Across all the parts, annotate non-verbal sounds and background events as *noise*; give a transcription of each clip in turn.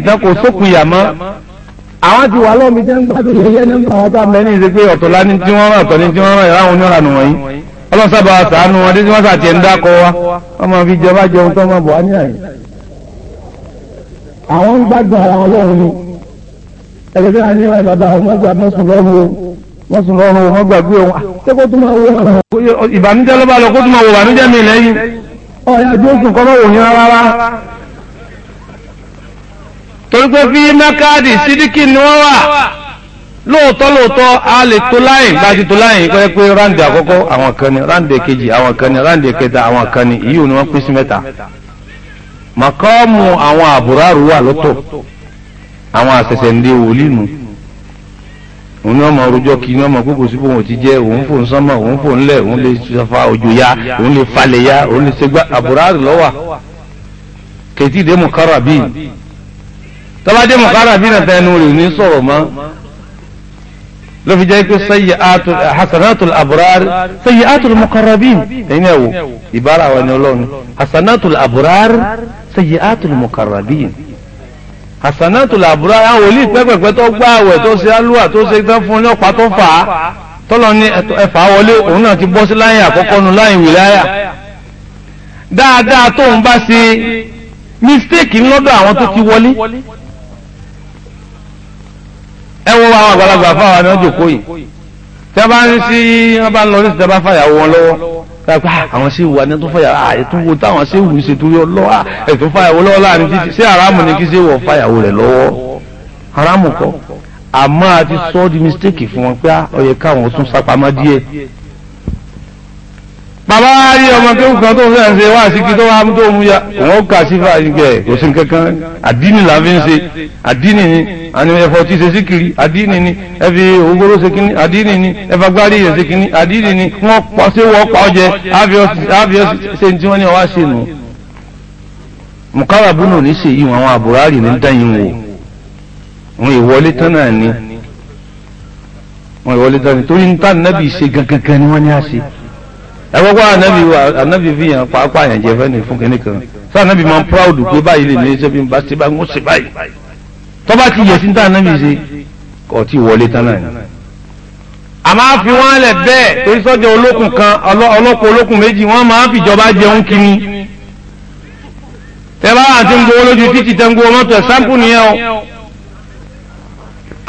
nǹkan kò sókun yà mọ́ àwọn ti wà lọ́ọ̀mí jẹ́ nígbà tó yẹ nígbà wọn bá mẹ́rin ṣe pé ọ̀tọ̀ lá ní tí wọ́n rán ọ̀tọ̀ ní tí wọ́n rán ìráwọn oníwàrà nù wọ̀nyí ọlọ́sàbà sàánú wọn dé tí wọ́n sàtì ẹ̀ ń dákọ wa wọ́n máa fi jọba jẹun tó máa bọ̀ wá ní àyè. àwọn ń gbádùn ara wọn lọ́rùn ni ẹgbẹ́ tí wọ́n ní wáyé bàbá wọn gbà wọ́n sùn lọ́rùn o wọ́n sùn lọ́rùn o wọ́n gbàgbé wọn. Ah, ṣé kó torí pé fi nákàdì sídìkì ni wọ́n wà lóòótọ́ lóòótọ́ a lè tó láyìn bá tó láyìn pé pé ráǹdì àkọ́kọ́ àwọn kan ni ráǹdì èkejì àwọn kan ni ráǹdì èkẹta àwọn kan ni ìyí ni wọ́n pín sí mẹ́ta màkọ́ọ̀mù àwọn àbúrárù wà lọ́tọ̀ àwọn àṣẹ̀ṣẹ̀ ń de wòlíì nù òun ti jẹ òun fò ń sánmọ òun fò ń lẹ òun fa òjò ya òun lè falẹ ya òun lè ṣe tọ́bádé mọ̀kárà bí nàta ẹnu rẹ̀ ní sọ̀rọ̀ mọ́ ló fi jẹ́ pé sẹ́yìn àtò hasanatul aburar sẹ́yìn àtò mukarrabin ẹ̀yin ẹ̀wò ìbára àwọn ẹni ọlọ́run hasanatul aburar sẹ́yìn àtò mukarrabin hasanatul aburar àwọn wòlíì pẹ́pẹ́pẹ́ tó gbá àwẹ̀ tó ṣe alúwà tó ṣe tán fún ọlọ́pà tó fà á tọ́lọ ní ẹ̀fà wọlé òun náà ti bọ́ sí láyìn àkọ́kọ́ nu láyìn wìláyà dáadáa tó bá ṣe mistake lọ́dọ̀ àwọn tó ti wọlé ẹ wo àwọn àgbàlagbà fáwọn àwọn jòkó yìí tí a bá ń sí wọn bá ń lọ ní ìsìtẹ́ fàyàwó wọn lọ́wọ́ tàbí àwọn sí ìwà ní tó fàyàwó àìtúwò táwọn sí ìwù ṣètò yọ lọ́wọ́ ẹ̀tọ́ fàyàwó lọ́wọ́ láàrin títí sí àràmù ni kí sí wọ fàyàwó rẹ̀ lọ́wọ́ àràmù kọ́ àmọ́ a ti sọ ọ́ di mistake fún wọn pé ó yẹ káwọn tún sápamọ́ díẹ̀ bàbá wa rí ọmọ tó kan tó ń fẹ́ ṣe wá sí kí tó wá tó mú ya wọ́n kà sí fàájìkẹ́ kò sí kankan àdínì là ń fi ń ṣe àdínì ni àníwẹ̀fọ́ ti ṣe sí kiri àdínì ni ẹfi ogoro ṣe kíní àdínì ni ẹfagbárí yẹn ṣe kíní àdínì ni wọ́n pọ̀ ṣé wọ́n pa ọjẹ́ ábíọ́sì ṣe ní tí wọ́n ní ọwá ṣe nù. mùkárà búnú ní ṣe yìí àwọn àbúrárì ní dáyìn wò wọn ìwọlé tán náà ni wọn ìwọlé tán ni torí ẹ̀wọ́n wá anabi wa anabi fi hàn pàápàá yẹn jẹ fẹ́ni fún kínní kan sọ anabi máa ń proud pé báyìí lè ní sẹ́bi bá ṣe báyìí wọ́n ṣe báyìí tọ́ba ti yẹ̀ sí ní tá anabi ṣe kò tí wọlé tán náà ni. a máa fi wọn lẹ bẹ́ẹ̀ torí sọ́jà olókùn kan ọlọ́pọ̀ olókùn méjì wọ́n máa ń fìjọba jẹun kínní. tẹ́lá àti ń gbowó lójú títì tẹ́ ń gbowó mọ́tò ẹ̀ sáǹpù nìyẹn o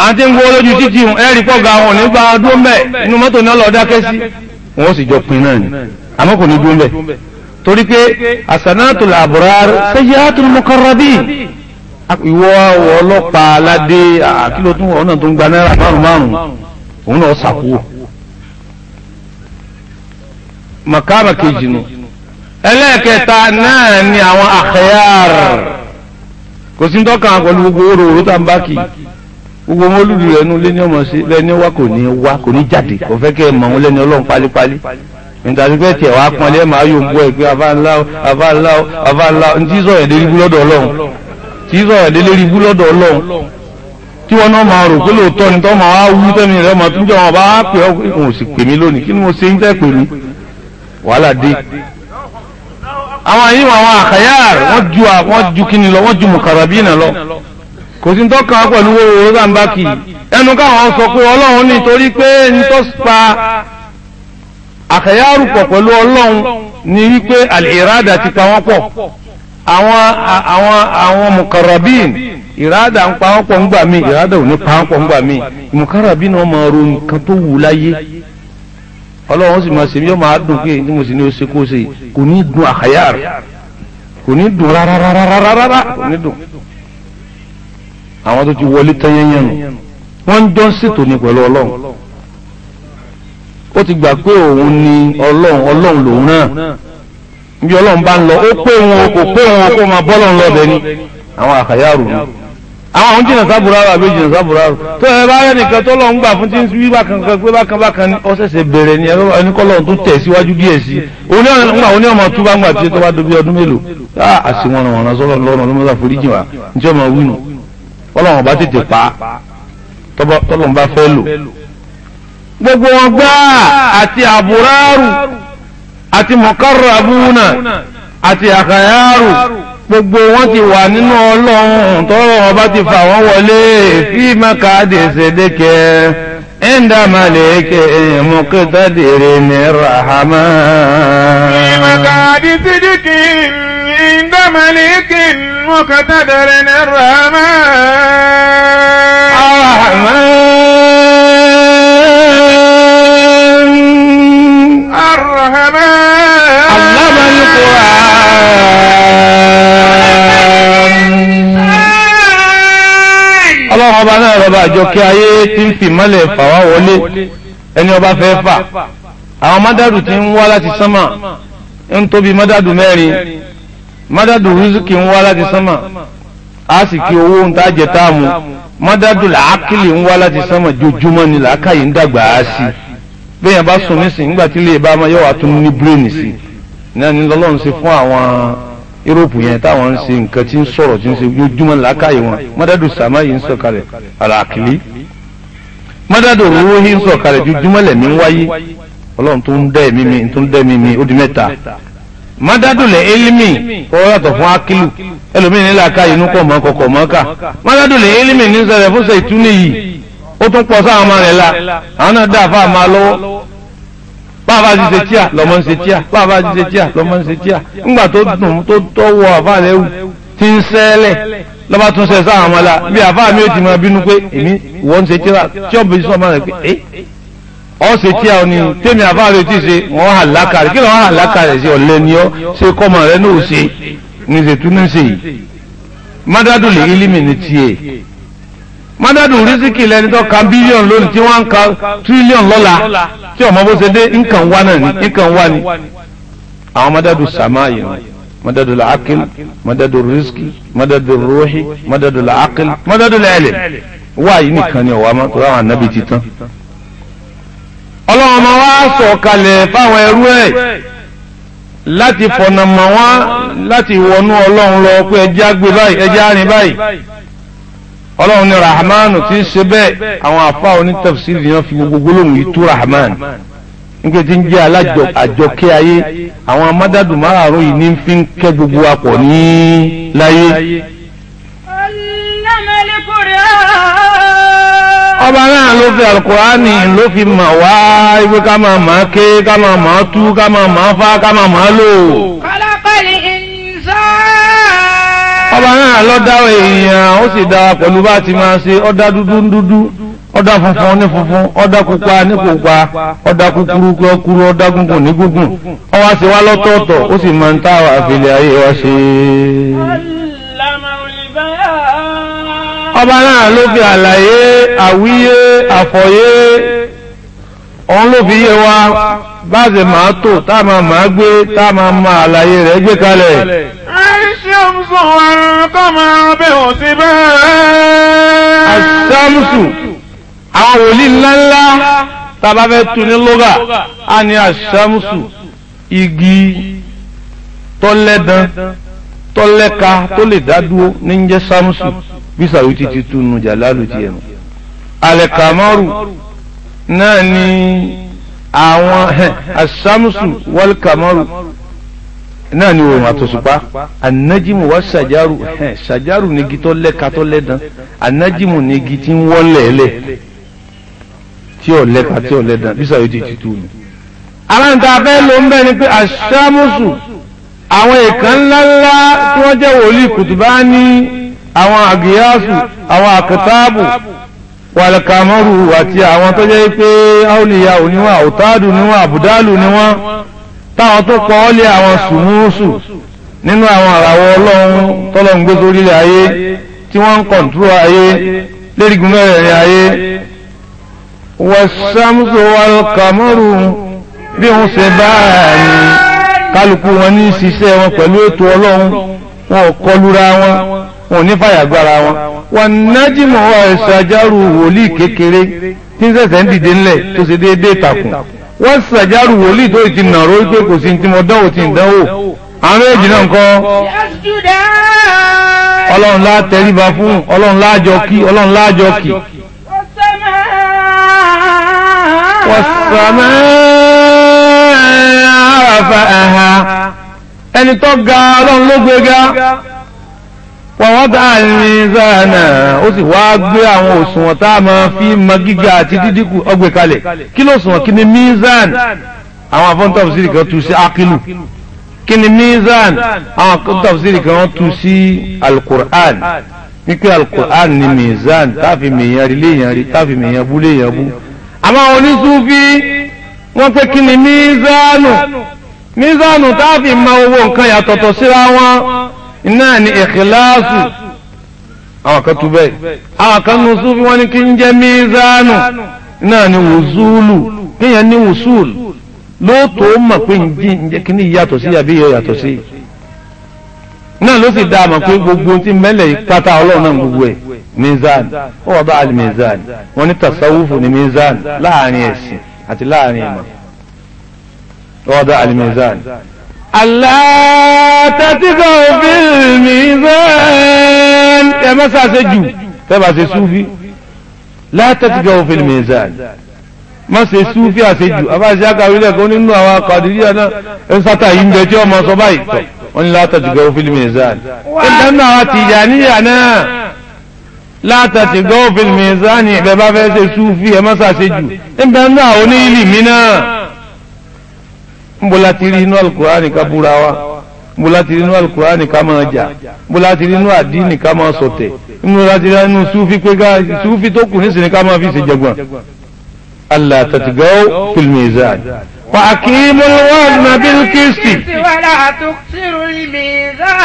àti ń gbowó lójú títì ẹ̀rí pọ̀ ga wọn nígbà ọdún mẹ́ inú mọ́tò ní ọlọ́ọ̀dá kẹ́sí wọn ó sì jọ pin náà ni àmọ́ kò ní dúró mbẹ torí pé asanatul abrar sayyatul muqarrabin ìwọ àwọ ọlọ́pàá aládé àkìlọ tún ọ̀nà tó ń gba náírà márùn márùn òun náà sàkúwò makama kejì nù ẹlẹ́ẹ̀kẹta náà ni àwọn àkẹyàr kò sí ń tọ́ka pẹ̀lú gbogbo oró oró tá n bá kì í gbogbo mọ́lúdù rẹ̀ nu lẹ́ni ọmọ sí lẹ́ni wá kò ní wá kò ní jáde kò fẹ́ kẹ́ ẹ mọ̀ ọ́n lẹ́ni ọlọ́run pálípálí nítorí pé tiẹ̀ wá pọn lẹ́ẹ̀ máa yóò gbọ́ ẹ pé abáńláwó abáńláwó abáńláwó ní tí sọ̀rọ̀ ẹ̀dẹ́ rígbú lọ́dọ̀ tí sọ̀rọ̀ ẹ̀dẹ́ rígbú lọ́dọ̀ ọlọ́run tí wọn náà máa rò pé lóòótọ́ ni tọ́ máa wú tẹ́mi rẹ̀ máa tún jọ wọn bá pè ọ́ pé kò sì pè mí lónìí kí ni mo ṣe ń tẹ́ pè mí wàhálà dé àwọn yìí wọn àwọn àkàyà wọn ju àwọn ju kí ni lọ wọn ju mùkàràbí náà lọ kò sí tọ́ka pẹ̀lú owó rọ́gà ń bá kì í ẹnu káwọn sọ pé ọlọ́run nítorí pé ń tọ́ pa àkẹyàrùpọ̀ pẹ̀lú ọlọ́run ní wípé àlìrádà ti pa wọ́n pọ̀ àwọn àwọn àwọn mùkàràbíìn ìrádà ń pa wọ́n pọ̀ ńgbà míì ìrádà ò ní pa wọ́n pọ̀ ńgbà míì mùkàràbíìn wọn máa ro nǹkan tó wù láyé ọlọ́run sì máa ṣe yóò máa dùn kí ni mo sì ní o ṣe kó o ṣe kò ní dùn àkẹyàrù kò ní dùn rárá kò ní dùn àwọn tó ti wọlé tẹ́yẹ́yẹ́ nù wọ́n ń jọ ń ṣètò ní pẹ̀lú ọlọ́run ó ti gbà pé òun ni ọlọ́run ọlọ́run lòun náà níbi ọlọ́run bá ń lọ ó pé wọn kò pé wọn kó máa bọ́ lọ́run lọ́bẹ̀ ni àwọn àkàyàrò ni àwọn àwọn jìnnà sábùràrò àbí jìnnà sábùràrò tó ẹ bá rẹ nìkan tó lọ́n gbà fún tí ń wí bákan kan pé bákan bákan ni ó ṣẹ̀ṣẹ̀ bẹ̀rẹ̀ ni ẹni kọ́ lọ́run tó tẹ̀ síwájú díẹ̀ sí i òun ní ọmọ tó bá ń gbà tí tó bá dobi ọdún mélòó àṣìwọ̀n ọ̀ràn sọ́lọ́ lọ́rùn ọlọ́mọdé àforíjì wa ní tí ọmọ wí nù bọ́lọ́wọ́n bá tètè pa tọ́lọ́wọ́n bá fẹ́ lò gbogbo wọn gbá àti àbúrárù àti mọ̀kárùràbúnà àti àkàyárù gbogbo wọn ti wà nínú ọlọ́run tọ́lọ́wọ́n bá ti fà wọ́n wọlé fíìmà káàdì ṣèdèkẹ́ ẹ̀ńdà màlẹ́kẹ́ mọ̀kẹ́tàdìrẹ́ ní rahama. fíìmà káàdì ṣèdèkẹ́. عند مليك مقتدر الرحمن الرحمن الرحمن علم القرآن ọlọ́run ọba náà rọba àjọ kí ayé tí ń fi mọ́lẹ̀ fà wá wọlé ẹni ọba fẹ́ fà àwọn mádàdù tí ń wá láti sánmà ń tóbi mádàdù mẹ́rin madadu rúzùkì ń wá sama a sì kí owó ń tá jẹ táàmù mọ́dádù làákìlì ń wá láti jojúmọ́ ni làákàyè ń dàgbà á sí bẹ́ẹ̀ bá sùn nísìn nígbà tí ilé tún ní sí ni lọ́lọ́run ṣe fún àwọn yúróòpù yẹn táwọn ń ṣe nǹkan tí ń sọ̀rọ̀ tí ń ṣe jojúmọ́ làákàyè wọn mọ́dádù sàmáyé ń sọ̀kalẹ̀ òwúrò yìí ń jojúmọ́ lẹ̀mí ń mọ́dádùlẹ̀ elimi kọ́ yàtọ̀ fún akilu ẹlòmíì nílà ká inú kọ̀ mọ́ kọ̀kọ̀ mọ́ elimi ní sẹ̀rẹ̀ fún ṣe ìtúni yìí ó tún pọ̀ sáwọn ọmọ rẹ̀ la àwọn náà dá fáwọn máa lọ́wọ́ báwa ti ṣe tíà lọ́mọ ń ṣe tíà báwa ti ṣe tíà lọ́mọ ń ṣe tíà ńgbà tó dùn tó tọ́wọ́ àfáàlẹ́ wù ti ń sẹ́lẹ̀ lọ́ba tún ṣe sáwọn ọmọ la bí àfáà mi ò ti máa bínú pé èmi ìwọ ń ṣe tíra tí ọ̀bẹ ọ tí a ní tẹ́mi àfáàrí tí ṣe wọ́n hà lákàrí kí lọ́wọ́ hà lákàrí sí ọ̀lẹ́ ni ọ ṣe kọ́mọ̀ rẹ náà ṣe ní ṣètú ní ṣe yìí mádádù lè ilimi ní tiẹ̀ mádádù rísíkì lẹni tó ka bílíọ̀nù lónìí tí wọ́n ń ka tírílíọ̀nù lọ́la tí ọmọ bó ṣe dé nǹkan wá náà ní nǹkan wá ní. àwọn mádádù sàmá yìí wọn mádádù làákìl mádádù rísíkì mádádù rúhì mádádù làákìl mádádù lẹ́ẹ̀lẹ̀ wáyé nìkan ni ọ̀wá ọlọ́run máa wá sọ̀kalẹ̀ fáwọn ẹrú ẹ̀ láti fọ̀nà mọ̀ wá láti wọnú ọlọ́run lọ pé ẹjẹ́ àgbè báyìí ẹjẹ́ àárín báyìí ọlọ́run ní rahman tí ń ṣe bẹ́ẹ̀ àwọn fi gbogbo yìí tú rahman nígbà tí ń jẹ́ gbogbo apọ̀ ní láyé. ọba náà ló fi alukurani ló fi mà wá ibi ká máa mà á ké ká máa mà á tú ká máa mà á fá ká máa mà á lò. kọ́lákọ́lì ìnsán. ọba náà ló dá èèyàn ó sì dá pẹ̀lú bá ti máa ṣe ó dá dúdú ń dúdú ó dá funfun ní funfun ó pupa ní pupa ó kúkúrú kúrú ó gúngùn ní gúngùn ó wá wá lọ́tọ̀ọ̀tọ̀ ó sì máa ń tá àfilẹ̀ ayé wa ṣe ọba náà ló fi àlàyé àwíyé àfọ̀yé òun ló fi yé wa bá ṣe máa tò tá a máa máa gbé tá a máa máa àlàyé rẹ̀ gbé kalẹ̀. àìṣàmùsù àwọn kọ́ máa bẹ̀ wọ́n sí bẹ́ẹ̀. àìṣàmùsù àwọn wòlíì ńláńlá tá a bá fẹ́ tu ní lóga á ní àìṣàmùsù igi tọ́lẹ́dán tọ́lẹ́ka tó lè dá dúró ní jẹ́ sámùsù bí sàwùtì ti túnu jàlálù tiẹ̀ nù. alẹ́kàmọ́rù náà ni àwọn asámùsù wọ́lẹ́kàmọ́rù náà ni òòrùn àtòṣùpá anájìmù wá ṣàjárù ṣàjárù ní igi tó lẹ́ka tó lẹ́dán anájìmù ní igi tí ń wọ́lẹ̀ẹ́lẹ̀ tí ò lẹ́ka tí ò lẹ́dán bí ti túnu. aláǹtà abẹ́ ni pé asámùsù àwọn èèkàn ńláńlá wòlíì kùtùbá àwọn àgìyásù àwọn àkàtàbù wàlẹ̀kàmọ́rù àti àwọn tó jẹ́ pé áùlìyà oníwà òtáàdù níwọ̀n àbùdálù níwọ̀n táwọn tó kọ́ àwọn sùmúrùsù nínú àwọn àràwọ̀ ọlọ́run tọ́lọ́run gbé ayé tí wọ́n ń ayé lérigun ayé bí ṣe bá kálukú wọn ní wọn wọn kọlura wọn wọn ní wọn wọn nájìmọ̀ ṣàjárù wòlíì kékeré tí ń ṣẹ̀ṣẹ̀ ń dìde ńlẹ̀ tó ṣe déédéé takùn wọ́n ṣàjárù wòlíì tó ti nàró wípé kò sí ti mọ dánwò ti dánwò àwọn náà kọ́ ọlọ́run fún ọlọ́run kí ọlọ́run kí àràfà ẹ̀hà ẹni tó ga ọlọ́run ló ووضع الميزان ó sì wá gbé àwọn òṣùwọ̀n tá a máa fi mọ gíga àti dídínkù ó gbé kalẹ̀ kí ló sùnwọ̀n kí ni mizan àwọn afọ́ntọ́ sí kan tú sí akilu kí ni mizan àwọn afọ́ntọ́ sí kan wọ́n tú sí alukur'an wípé alukur'an ni mizan táàfi mèèyàn rí léèyàn rí táàfi mèèyàn bú léèyàn bú àmọ́ àwọn onísúfí wọ́n pé kí ni mizanu mizanu táàfi mọ owó nǹkan yàtọ̀tọ̀ síra wọn náà ni ìkìláàsù àwọn kan tu bẹ́ẹ̀ àwọn kan nu súfì wọn ni kí n jẹ́ mízánù náà ni wùsúlù kéèyàn ní wùsúlù lóòótọ́ mọ̀ pé njẹ́ kíní yàtọ̀ sí àbí yàtọ̀ sí náà ló sì dáa mọ̀ pé gbogbo tí mẹ́lẹ̀ pátá ọlọ́run náà gbogbo ẹ̀ mizan ó wà bá àlè mizan wọn ní tasawufu ní mizan láàrin ẹ̀sìn àti láàrin ìmọ̀ ó wà bá àlè mizan tẹ́tíkọ̀ fíìmì zan ẹ má sàṣẹ jù ẹ bá ṣe súfì látẹ́tíkọ̀ fíìmì zan má ṣe súfì àṣejù abáṣe akáwílẹ̀ kan nínú àwọn akadìríyà náà ẹ sátà yìí ń bẹ tí ọmọ sọ báyìí tọ̀ wọ́n ní látẹ́tíkọ̀ fíìmì zan ẹ dáná àwọn tìjàníyà náà látàtìgọ́ òfin mìíràn ìbẹ̀ bá fẹ́ ṣe súfì ẹ má ṣàṣejù níbẹ̀ náà onílì mi náà ń bọ́ láti rí inú àlùkùránì ká búra wa mo láti rí inú alukurani ká máa jà mo láti rí inú àdínì ká máa sọ̀tẹ̀ mo láti rí inú sufi pé ká sufi tó kù nísìnyí ká máa fi ṣe jẹgbọn. allah tatigaw fil mizan. وأقيموا الوزن بالقسط ولا تكسروا الميزان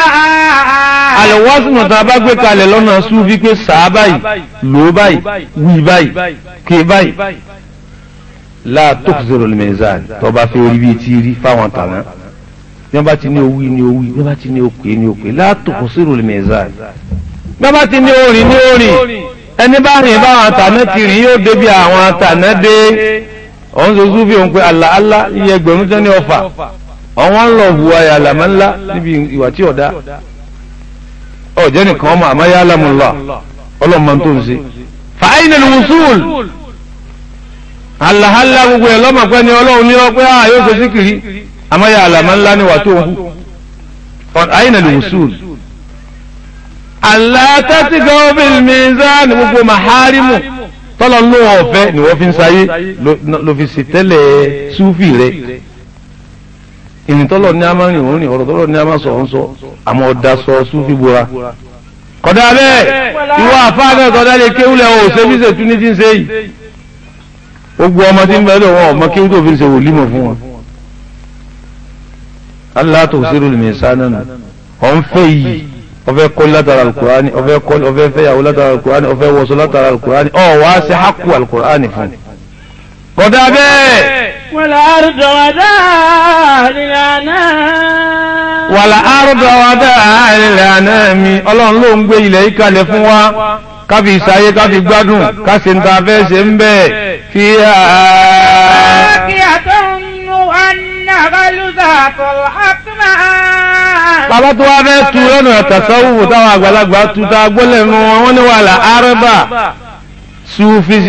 الوزن tá a bá gbé kalẹ̀ lọ́nà Sufi pé sàá báyìí lò báyìí wí báyìí ké báyìí لا تكسروا الميزان tó bá fẹ́ rí bíi ti rí fáwọn tàná bí wọn bá ti ní owí ní owí bí wọn bá ti ní òkè ní òkè látòkò sírò lè mẹzàn bí wọn bá ti ní orin ní orin ẹni bá rìn báwọn àtàná ti rìn yóò débi àwọn àtàná dé òun ṣe sùn fi òun pé àlà àlà iye ẹgbẹ̀rún tán ní ọfà òun wọn lọ hu ayà àlàmọ ńlá níbi ìwà tí ọdá ọjọ́ nìkan ọmọ àmọ́ yà lámùlá ọlọmọ tó ń ṣe fàáyínà lùsùl àlàhálà gbogbo ẹ lọmọ ni Ọlọ́run ní ọ pé àyè ah, ó ṣe síkìrì amáyà àlàmà ńlá ni wà tó ń hù àyìnà lè wùsùn. àlàtàtì gọ́ọ̀bìn mìíràn ní gbogbo màhárìmù tọ́lọ́ ló wọ̀ ọ̀fẹ́ ni wọ́n fi ń sáyé ló fi sì tẹ́lẹ̀ súfì rẹ̀ ìnìtọ́lọ̀ ní a máa rìn òun rìn ọ̀rọ̀ tọ́lọ̀ ní a máa sọ ọ́n sọ àmọ́ ọ̀dà sọ súfì bora kọ̀dà bẹ́ẹ̀ ìwọ àfáà náà kọ̀dà lè kéwúlẹ̀ o ṣe fi ṣètú ní ti ń ṣe yìí gbogbo ọmọ tí ń bẹ́ẹ̀ lọ wọn ọmọ kéwú tó fi ṣe wòlímọ̀ fún wọn. Allah tusiru al-misana nù ọ̀n fẹ́ yìí ọ̀fẹ́ kọ́ látara alukurani ọ̀fẹ́ kọ́ ọ̀fẹ́ fẹ́yàwó látara alukurani ọ̀fẹ́ wọṣọ látara alukurani ọ̀ wá sí haku alukurani fún mi. kọ́dà bẹ́ẹ̀. wàlà àrùdọ̀ wàdà àlìlànà. wàlà àrùdọ̀ wàdà àlìlànà mi ọlọ́run ló ń gbé ilẹ̀ yìí fún wa káfi ìsàyè káfi gbádùn káṣe ṣe ń bẹ́ẹ̀ fi kí àtọ́ bàbá tó wá fẹ́ tu lọ́nà àtàsáwùwò táwọn àgbàlagbà tu tá gbọ́lẹ̀ nu wọn wọ́n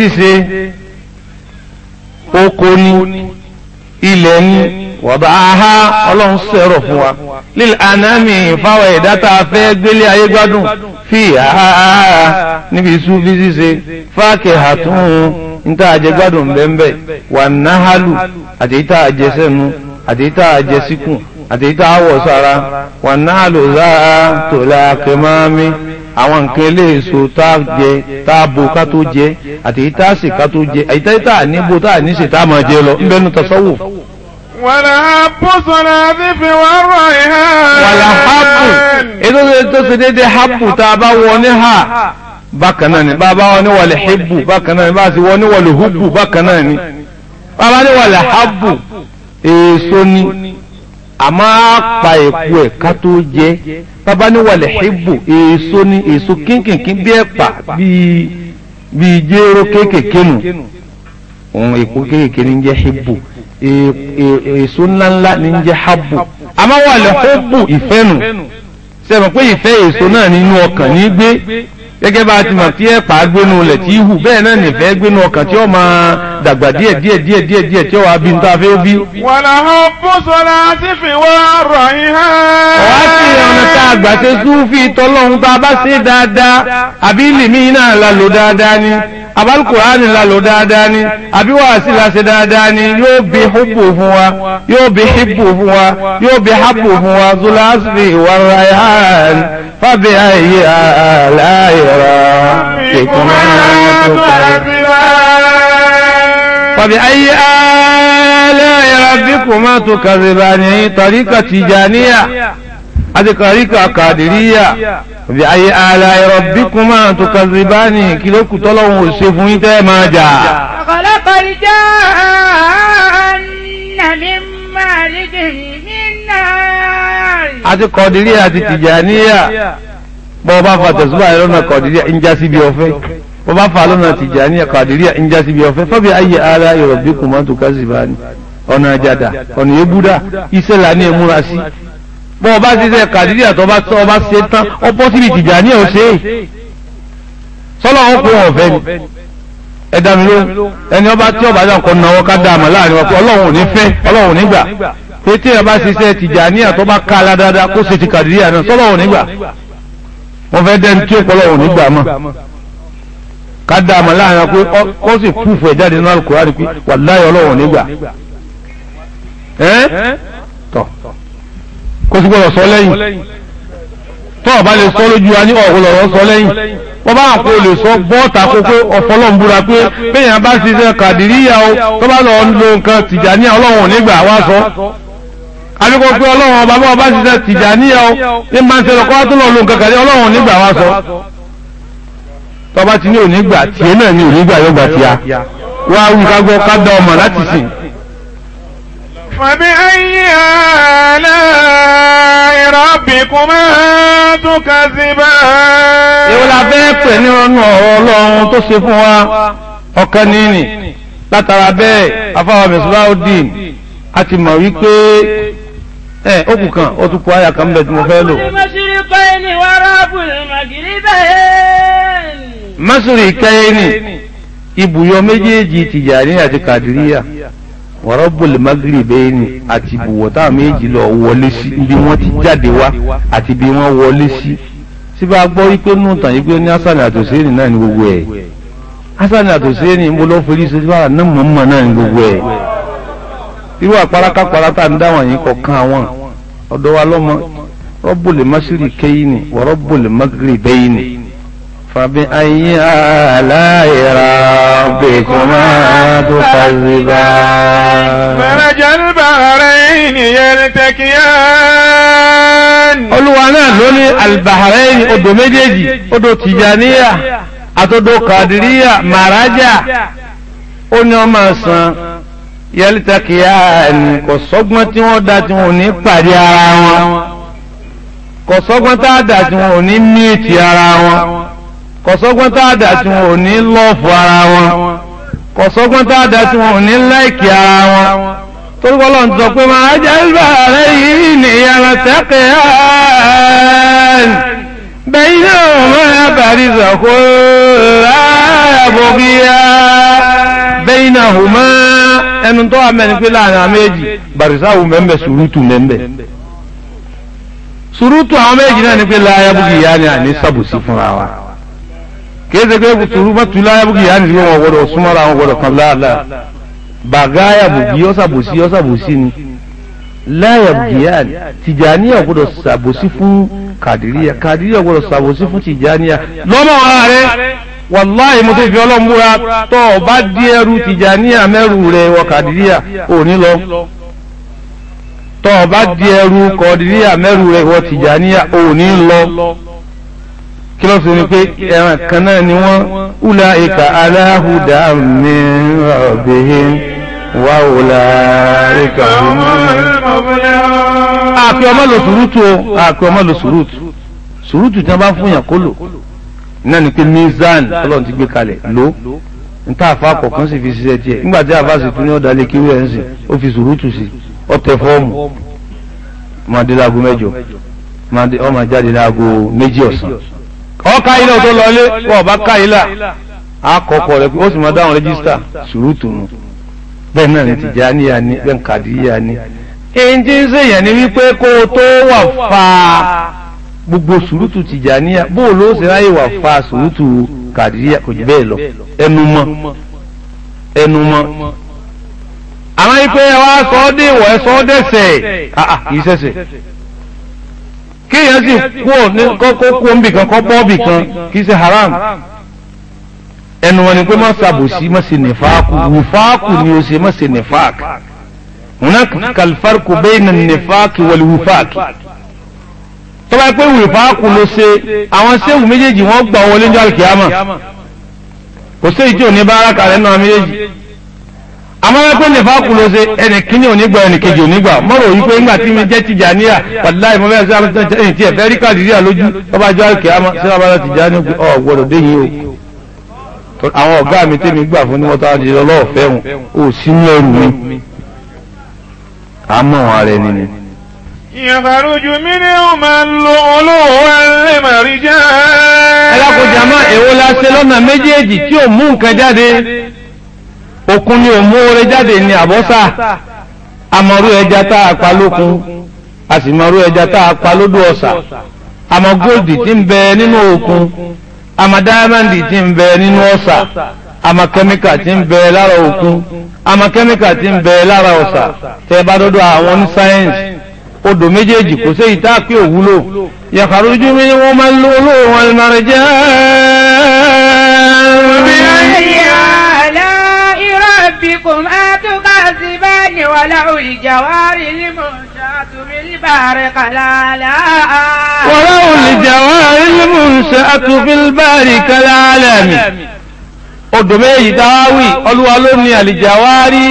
ní oko ní ilẹ̀ ní aha ọlọ́run sẹ̀rọ̀ fún wa lílì ànámì fáwọn ẹ̀dá tá a fẹ́ gbélé ayé gbádùn fi su níbi sufi ṣíṣe fáàkì àtúnhùn níta àjẹgbádùn bẹ́ẹ̀ bẹ́ẹ̀ wà náhálù àti àtẹ̀yítà àjẹsíkùn àtẹ̀yítà àwọ̀sára wà náà lò záà tó láàkẹ́ mi àwọn nǹkan eléèso tá a jẹ tá a bo ká tó jẹ àtẹ̀yítà àsè ká tó jẹ àtẹ̀yítà àníbo tá a níṣe tá a máa jẹ lọ ńbẹ́nu tasọ́wò. wàlá hapu sọ̀rọ̀ àti fi wá rọ̀ ìhà. wàlá hapu ètò tó ṣe déédéé hapu tá a bá wọ ní ha bákan náà ni bá a bá wọ ní wàlẹ̀ hibu bákan náà ni bá a ti wọ ní wàlẹ̀ hubu bákan náà ni bá a bá ní wàlẹ̀ hapu. èso ni àmọ́ á pa ẹ̀ ká tó jẹ bàbá ní wàlẹ̀ ìbò èso ni èso kínkìnkín bí ẹ̀pà bíi bíi jéró kéékèèké nù òun èpo kéékèèké ní jẹ́ ìbò èso ńláńlá ní jẹ́ hábù àmọ́ wàlẹ̀ ìbò ìfẹ́ nù sẹ́wọ̀n pé ìfẹ́ èso náà nínú ọkàn ní gbé gẹ́gẹ́ bá a ti mọ̀ tí ẹ̀ pa gbénu lẹ̀ tí hù bẹ́ẹ̀ náà nìfẹ́ gbénu ọkàn tí ó máa dàgbà díẹ̀ díẹ̀ díẹ̀ díẹ̀ díẹ̀ tí ó wà bí nta fẹ́ bí. wàlà hàn bùsọ̀lá ti fi wá rọ̀ yín hàn. ọ̀wá ọ̀nà tá a gbà ṣe súnfì tọ́lọ́hún tá a bá ṣe dáadáa àbí lèmi náà la lò dáadáa ni abalukuraani la lò dáadáa ni àbí wàásì la ṣe dáadáa ni yóò bí hubbu fún wa yóò bí hibbu fún wa yóò bí habbu fún wa zulaasiri warayan fàbí ayé aláìra ìkùnmá tó kàrẹ́. fàbí ayé aláìra bí kùnmá tó tijaniya àti kàríkà kàdìríyà bí ayé ala rabbikuma tukazibani kí ló kù tọ́lọ́hún ò ṣe fún yín tẹ́ máa jà. ọ̀pọ̀lọpọ̀ ìjà nàmí máa rí dèmí náà. àti kọ̀dìríyà àti tìjàníyà bọ́ bá fa tẹ̀síwá yẹn lọ́nà kọ̀dìríyà ń já síbi ọ̀fẹ́ bọ́ bá fa lọ́nà tìjàníyà tukazibani ọ̀nà àjàdà ọ̀nà ebúdà iṣẹ́ là ní bọ́ ọba ṣiṣẹ́ kàdíríà tó ọba ṣe tán ọbọ̀ síbi tìjà ní ọ̀ṣẹ́ sọ́lọ́ ọkùn ọ̀fẹ́ ni ẹ̀dá mi ló ẹni ọba tí ọba náà kọ́ náwó ká dáa mọ̀ láàrin wa pé ọlọ́run ò ní fẹ́ ọlọ́run ò ní gbà pé tí ọba ṣiṣẹ́ tìjà ní àtọ́ bá ká ala dáadáa kó ṣe ti kàdíríà náà sọ́lọ́ ò ní gbà wọ́n fẹ́ dẹ́ni tí òpó ọlọ́run ò ní gbà mọ́ ká dáa mọ̀ láàrin wa pé ó sì fúfú jáde nínú al o sì gbọ́dọ̀ sọ lẹ́yìn tó ọba lè sọ lójú wa ní ọ̀gbọ̀lọ̀rọ̀ sọ lẹ́yìn wọ́n bá àpò olè sọ bọ́ọ̀tà kó pé ọ̀fọ́lọ́ ń búra pé bẹ́yàn bá ti ṣe kàdìríyà o tó bá lọ ń lo nǹkan tìjàníyà ọlọ́run nígbà wá sọ àbíkọ́ pé ọlọ́run ọba bá ti ṣe tìjàníyà o ní máa ń ṣe lọ́kọ́ tó lọ lo nǹkan kàdí ọlọ́run nígbà wá sọ tọba ti ní onígbà tiẹ̀ náà ní onígbà yọgbà tiya فبأي آلاء ربكما تكذبان èwo la fẹ́ pè ní ọ̀nà Ọlọ́run tó ṣe fún wa ọ̀kan nínì látara bẹ́ẹ̀ afáwọn mẹ̀sùláùdín a ti mọ̀ wípé ẹ ó kù kan ó tún kù àyà kan bẹ̀ tí mo fẹ́ lò. mọ́sùlùmí kẹ́yìn ni ibùyọ méjèèjì tìjàní àti kàdíríyà wọ́rọ́bùlì magrebeeni àti bùwọ́tà méjì lọ wọlé sí ibi wọ́n ti jáde wá àti ibi wọ́n wọlé sí síbá gbọ́ wípé nù tàn yí pé ní hasan àtòsẹ́ni náà ní gbogbo ẹ̀ hasan àtòsẹ́ni ń bọ́ lọ́ forí sí síbá náà mọ̀ọ́mọ̀ náà ní gbogbo ẹ̀ irú àparáká parata ń dáwọn yìí kọ̀ọ̀kan àwọn ọ̀dọ́ wa lọ́mọ rọ́bùlì masiri kẹ́yìn ni wọ́rọ́bùlì magrebeeni. فبأي آلاء ربكما تكذبان مرج البحرين يلتقيان olúwa náà ló ní albahrain odò méjèèjì odò tìjàníyà àtodò kàdíríyà màrájà ó ní ọmọ sàn yẹlítàkìyàn kò sọ́gbọ́n tí wọ́n dá tí wọ́n ò ní pàdé ara wọn kò sọ́gbọ́n tá a dá tí wọ́n ò ní mí ti ara wọn kọ̀sọ́gbọ́n tá a dà tí wọn ò ní lọ́ọ̀fù ara wọn kọ̀sọ́gbọ́n tá a dà tí wọn ò ní láìkì ara wọn torúkọ lọ́n sọ pé máa jẹ́ bàárẹ̀ yìí ní ìyára tẹ́kẹ̀ án bẹ́yìn náà máa bàrí sọ̀kó láàbòkíyá bẹ́yìn náà hù máa ẹnu tó wà mẹ́rin pé láàrin àwọn méjì bàrísáwù mẹ́mbẹ̀ sùrùtù mẹ́mbẹ̀ sùrùtù àwọn méjì náà ni pé láàyàbòkíyá ni àní sàbòsí fúnra wa kéde pé sùúrù mọ́tò láyà bó kì í yá nìyí wọn gbọdọ̀ súnmọ́ra wọn gbọdọ̀ kan láàlá bàgáyà bòbí ọ̀sàbòsí ọ̀sàbòsí ni láyà bìíyà tìjàníyà gbọdọ̀ sàbòsí fún kàdíríyà kàdíríyà gbọdọ̀ sàbòsí fún tìjàníyà lọ́mọ ara rẹ wàláì mo ti fi ọlọ́múra tó o bá di ẹrù tìjàníyà mẹ́rù rẹ wọ kàdíríyà ò ní lọ tó o bá di ẹrù kọ̀díríyà mẹ́rù rẹ wọ tìjàníyà ò ní lọ kí ló fi ni pé ẹran kan náà ni wọ́n wúlà ìka aláhùdà mi rabbihim wà wúlà ìka àpè ọmọ lò sùrùtù o àpè ọmọ lò sùrùtù sùrùtù tí wọ́n bá fún yàn kó lò náà ni pé mizan ọlọ́run ti gbé kalẹ̀ lò nta àfa kọ̀ọ̀kan sì fi ṣiṣẹ́ tiẹ̀ nígbà tí àfa sì tún ní ọ̀dà lẹ́kí wíwẹ̀ ń sìn ó fi sùúrùtù sí ọ̀tẹ̀ fọ́ọ̀mù máa dé láago mẹ́jọ máa dé ọmọ jáde láago méjì ọ̀sán ọkà ilé ò tó lọlé wọ́n bá ká ilé àkọ́kọ́ rẹ̀ ó sì máa dáhùn rẹ́gísítà sùúrùtù nù bẹ́ẹ̀ náà ní Tìjàníyà ní bẹ́ẹ̀ ní Kàdíyà ní. èyí tí ń ṣèyàn ni wípé kó o tó wà fa gbogbo sùúrùtù Tìjàníyà bó o ló ṣe ráyè wà fa sùúrùtù Kàdíyà kò jù bẹ́ẹ̀ lọ ẹnu mọ́ ẹnu mọ́ àwọn ìpè ẹ wá sọ ọ́ dé ìwọ̀ ẹ sọ ọ́ dẹ̀sẹ̀ ah, ah, kì í ṣẹ̀ṣẹ̀ kéèyàn sì kú ọ̀ ní kọ́kọ́ kú ọ́nbì kan kọ́ bọ́ọ̀bì kan kì í ṣe haram ẹnu wọn ni pé má ṣàbòsí má ṣe nìfàákù wùfàákù ni o ṣe má ṣe nìfàákù hùnà kàlfàákù bayna nìfàákù wal wùfàákù tó bá pé wùfàákù ló ṣe àwọn séwù méjèèjì wọn gbà wọlé ní àlùkìyàmà kò sí ìjọ ní báárà kàlẹ́ náà méjèèjì àmọ́ wọ́n pé nífàkù ló ṣe ẹnì kíní onígbà ẹnì kejì onígbà mọ́rọ̀ yìí pé ńgbà tí mi jẹ́ Tìjàníyà wàláì mọ́fẹ́ sí àwọn ẹ̀yìn tí ẹ̀fẹ́ rí Kàdíríyà lójú ọba jọ àkè àmọ́ sí abala Tìjàní ọ gbọ́dọ̀ dé yìí o àwọn ọ̀gá mi tẹ́mi gbà fún ni wọ́n tán àdìyẹ ọlọ́ọ̀fẹ́ wọn ò sí ní ẹrù mi àmọ́ wọn rẹ nínú. ìyàfàrújú mi ni ó máa ń lo olówó ẹlẹ́mọ̀rí jẹ́. ẹ lákòjá máa èwo la ṣe lọ́nà méjèèjì tí òkun ni mú oore jáde ní àbọ́sà amọ̀rú ẹja tá a pa lókun a sì mọ̀rú ẹja tá a pa lódò ọ̀sà góòdì ń bẹ nínú òkun àmọ́ dáyámẹ́ǹdì ti ń bẹ nínú ọ̀sà àmọ́ kẹ́míkà ti ń bẹ lára òkun àmọ́ kẹ́míkà ti ń bẹ lára ọ̀sà tẹ́ bá dọ́dọ̀ àwọn ní sáyẹ́ǹsì odò méjèèjì kò sí mi ربكما تكذبان ولو الجوار المنشآت بالبحر كلالا ولو الجوار المنشآت بالبحر كلالا odò méjì táwáwì olúwa ló ní àlìjàwárí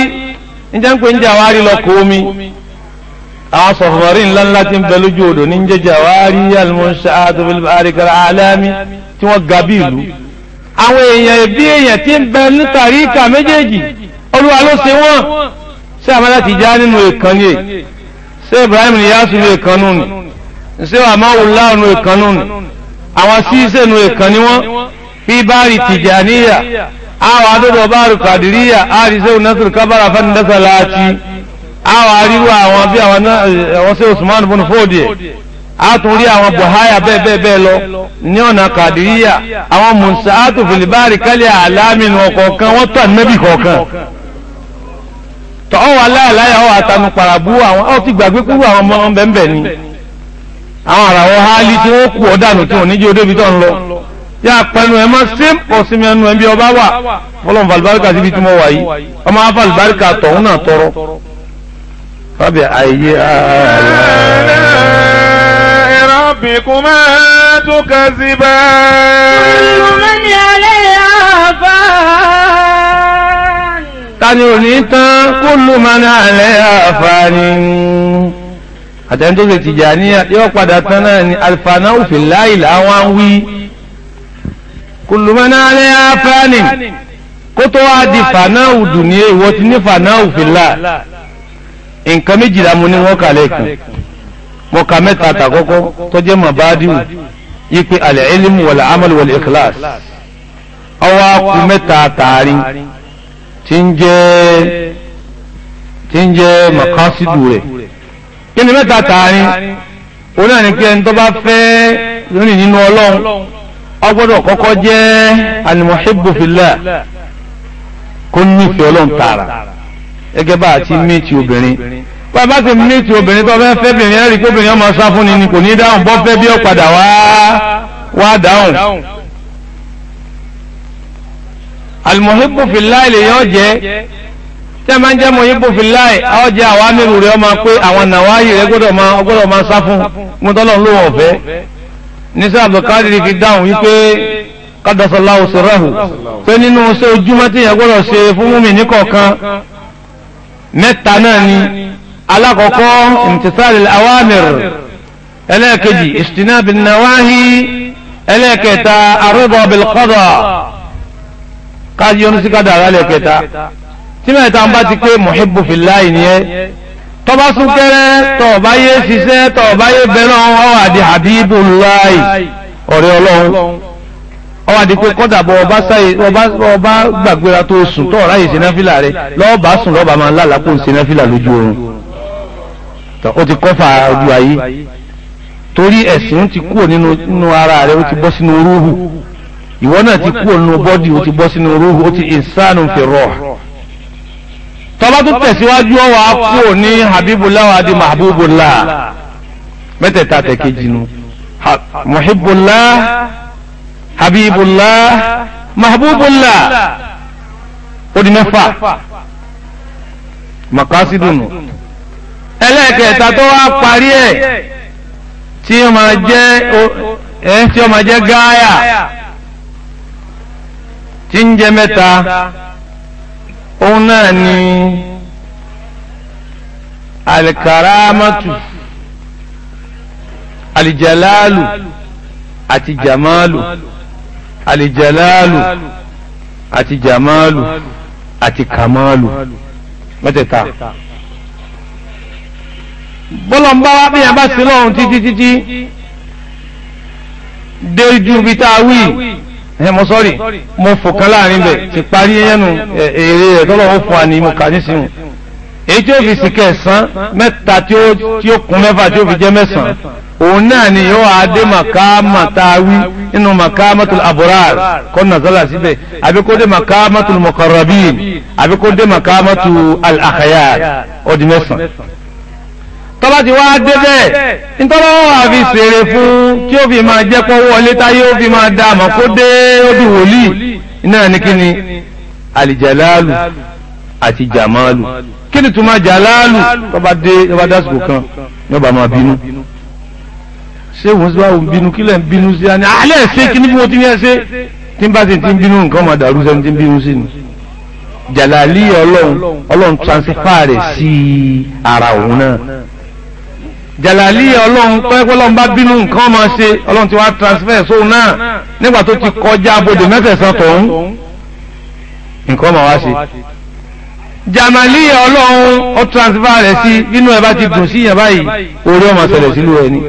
níjẹ́ ń pè ń jàwárí lọ́kọ̀ omi àwọn sọ̀fọ̀rí ńlá ńlá ti ń bẹ lójú odò ní jẹ́ jàwárí al-munsha'atu bil-bahri kal-a'lami tí wọ́n ga bí ìlú àwọn èèyàn ìbí èèyàn ti ń bẹ ní tàríkà méjèèjì olúwa ló se wọ́n ṣé àmàlà ti já nínú ìkànnì ẹ̀ Ibrahim Niyasu nínú ìkànnì ni ṣé àmàwùlá nínú ìkànnì ni àwọn síṣẹ́ nínú ìkànnì wọn fi báàrì tìjàníyà àwọn adọ́dọ̀ báàrì kàdìríyà àríṣẹ́ onásùn kábàrà fánidásà láti àwọn aríwọ̀ àwọn bí àwọn ṣe Usman bunu fòdì ẹ̀ àtúnrí àwọn buhaya bẹ́ẹ̀ bẹ́ẹ̀ bẹ́ẹ̀ lọ ní ọ̀nà kàdìríyà àwọn mùsàátù fìlìbárì kálí àlámìnú ọ̀kọ̀ọ̀kan wọ́n tàn nẹ́bì kọ̀ọ̀kan tọ́wọ́ aláàláyà ọ̀ àtànù pàràbú àwọn ọ̀ ti gbàgbé kúrú àwọn ọmọ ọmọ bẹ́ẹ̀ ni àwọn àràwọ̀ hálí tí wọ́n kú ọ̀dànù tí wọ́n níjẹ́ odébi tó ń lọ yà pẹ̀lú ẹ̀ mọ́ sẹ́m ọ̀sìnmi ẹnu ẹ̀ ọba wà fọlọ́n falibarika síbi tí mo wà yìí ọmọ afalibarika tọ̀hún náà tọrọ. fábí ayé ààrẹ tani ò ní tán kó ló máa ní àlẹ́ àfààní àtẹ̀ntó ṣe Tìjàníyà yóò padà tán náà ni alifana òfin láìlà àwọn wí kó ló máa ní àlẹ́ àfààní kó tó wá di fanáwù dùn ní ìwọ ti ní fanáwù fìlà nǹkan méjìlá mo ní wọ́n kàlẹ́ kan mo kà mẹ́ta àtàkọ́kọ́ tó jẹ́ mọ̀bádìwù ipe al-ilmu wal-amal wal-ikhlas ọwọ́ akú mẹ́ta àtàrin. tí ń jẹ́ tí ń makasidu rẹ̀ kí ni mẹ́ta tààrin ni pé tó bá fẹ́ lónìí nínú ọlọ́run ó kọ́kọ́ jẹ́ alimuhibbu kó nífẹ̀ẹ́ ọlọ́run tààrà gẹ́gẹ́ bá àti méjì obìnrin bá a bá ti méjì obìnrin tó fẹ́ ni kò ní dáhùn bọ́ fẹ́ bí almuhibbu fillahi lè yọ jẹ́ tí a máa ń jẹ́ muhibbu fillahi ọ jẹ́ àwọn amírù rẹ̀ ọmọ pé àwọn nàwáyì rẹ̀ gbọ́dọ̀ máa gbọ́dọ̀ máa sá fún mọ́tọ́lọ́ ló wọ̀ fẹ́ nísà abdulkadir fi dáhùn wípé qaddasallahu sirrahu pé nínú ṣe ojúmọ́ tí yẹn gbọ́dọ̀ ṣe fún múmi náà ni alákọ̀ọ́kọ́ imtisalil awamir ẹlẹ́ẹ̀kejì istinabin nawahi ẹlẹ́ẹ̀kẹta arida bil káàdì yọnu sí kádàrá lẹ̀ kẹta tí mẹ́ta ń bá ti tọba súnkẹrẹ tọba yé ṣiṣẹ́ tọba yé bẹ̀rẹ̀ ọwọ́ àdì habibullahi ọ̀rẹ́ ọlọ́run ọwọ́ àdì pé kọ́dàbọ̀ ọba gbàgbéra tó sùn tọ́ ráyè ṣe náfìlà rẹ lọ́ọ̀bá sùn lọ́ọ̀bá máa ń lálàpọ̀ ṣe náfìlà lójú oorun ó ti kọ́fà ojú ayé torí ẹ̀sìn ti kúrò nínú ara rẹ o ti bọ́ sínú orúhù ìwọ náà ti kú ònú bọ́dì o ti bọ́ sínú rúhù o ti ìsánù fìrọ̀ tọ́lá tó tẹ̀síwájú ọwọ́ akú ní habibullah wa di mahbubullah mẹ́tẹ̀ẹ̀ta tẹ̀kejì nu muhibbullah habibullah mahbubullah ó di mẹ́fà makasidunu ẹlẹ́ẹ̀kẹta tó wá parí ẹ̀ tí ó máa jẹ́ gáyà tí ń jẹ́ mẹ́ta òun náà ni alikaramatu alijalalu àti jamalu alijalalu àti jamalu àti kamalu mẹ́tẹ̀ẹ̀ta bọ́lọ̀ ń bí yàn bá sí lọ́run títí títí dé ju ibi tá a wí ẹ mo sọ́rí mo fòkan láàrin bẹ̀ ti parí yẹnu èrè rẹ̀ tọ́lọ̀ ó fún wa ní mo kà ní sínú èyí tí ó fi sì kẹsàn mẹ́ta tí ó kún mẹ́fà tí ó fi jẹ́ mẹ́sàn òun náà ni yóò adé màkàmà tá a wí nínú màkàmàtul kọ́ nàzọ́là síbẹ̀ àbí kó dé màkàmàtul muqarrabin àbí kó dé màkàmàtul al tọ́lá ti wá débẹ̀ nítọ́lá wà fi ṣèrè fún kí ó fi máa jẹ́ pọ́wọ́ wọlé táyé ó fi máa dáàmà kó dé ó wòlíì náà ní kíni alìjàláàlù àti jàmáàlù kí ni túmọ̀ jàláàlù tọ́ba dé tọ́ba dásìkò kan yọba máa bínú ṣé wọ́n sì wá òun bínú kílẹ̀ ń bínú sí àná alẹ́ ṣe kí ni bí mo ti yẹn ṣe tí n bá ti ti ń bínú nǹkan máa dàrú sẹ́ni ti ń bínú sí ni jàláàlì ọlọ́run ọlọ́run transfer rẹ̀ sí ara òun náà jàlálí ọlọ́run pẹ́pẹ́lọ́run bá bínú nǹkan ọmọ ṣe ọlọ́run ti wá transfer sóun náà nígbà tó ti kọjá abodè mẹ́tẹ̀ẹ̀sán tòun nǹkan ọmọ wá ṣe jàmàlí ọlọ́run ó transfer rẹ̀ sí inú ẹ̀ bá ti dùn sí yẹn báyìí orí ọmọ ṣẹlẹ̀ sílùú ẹ̀ ni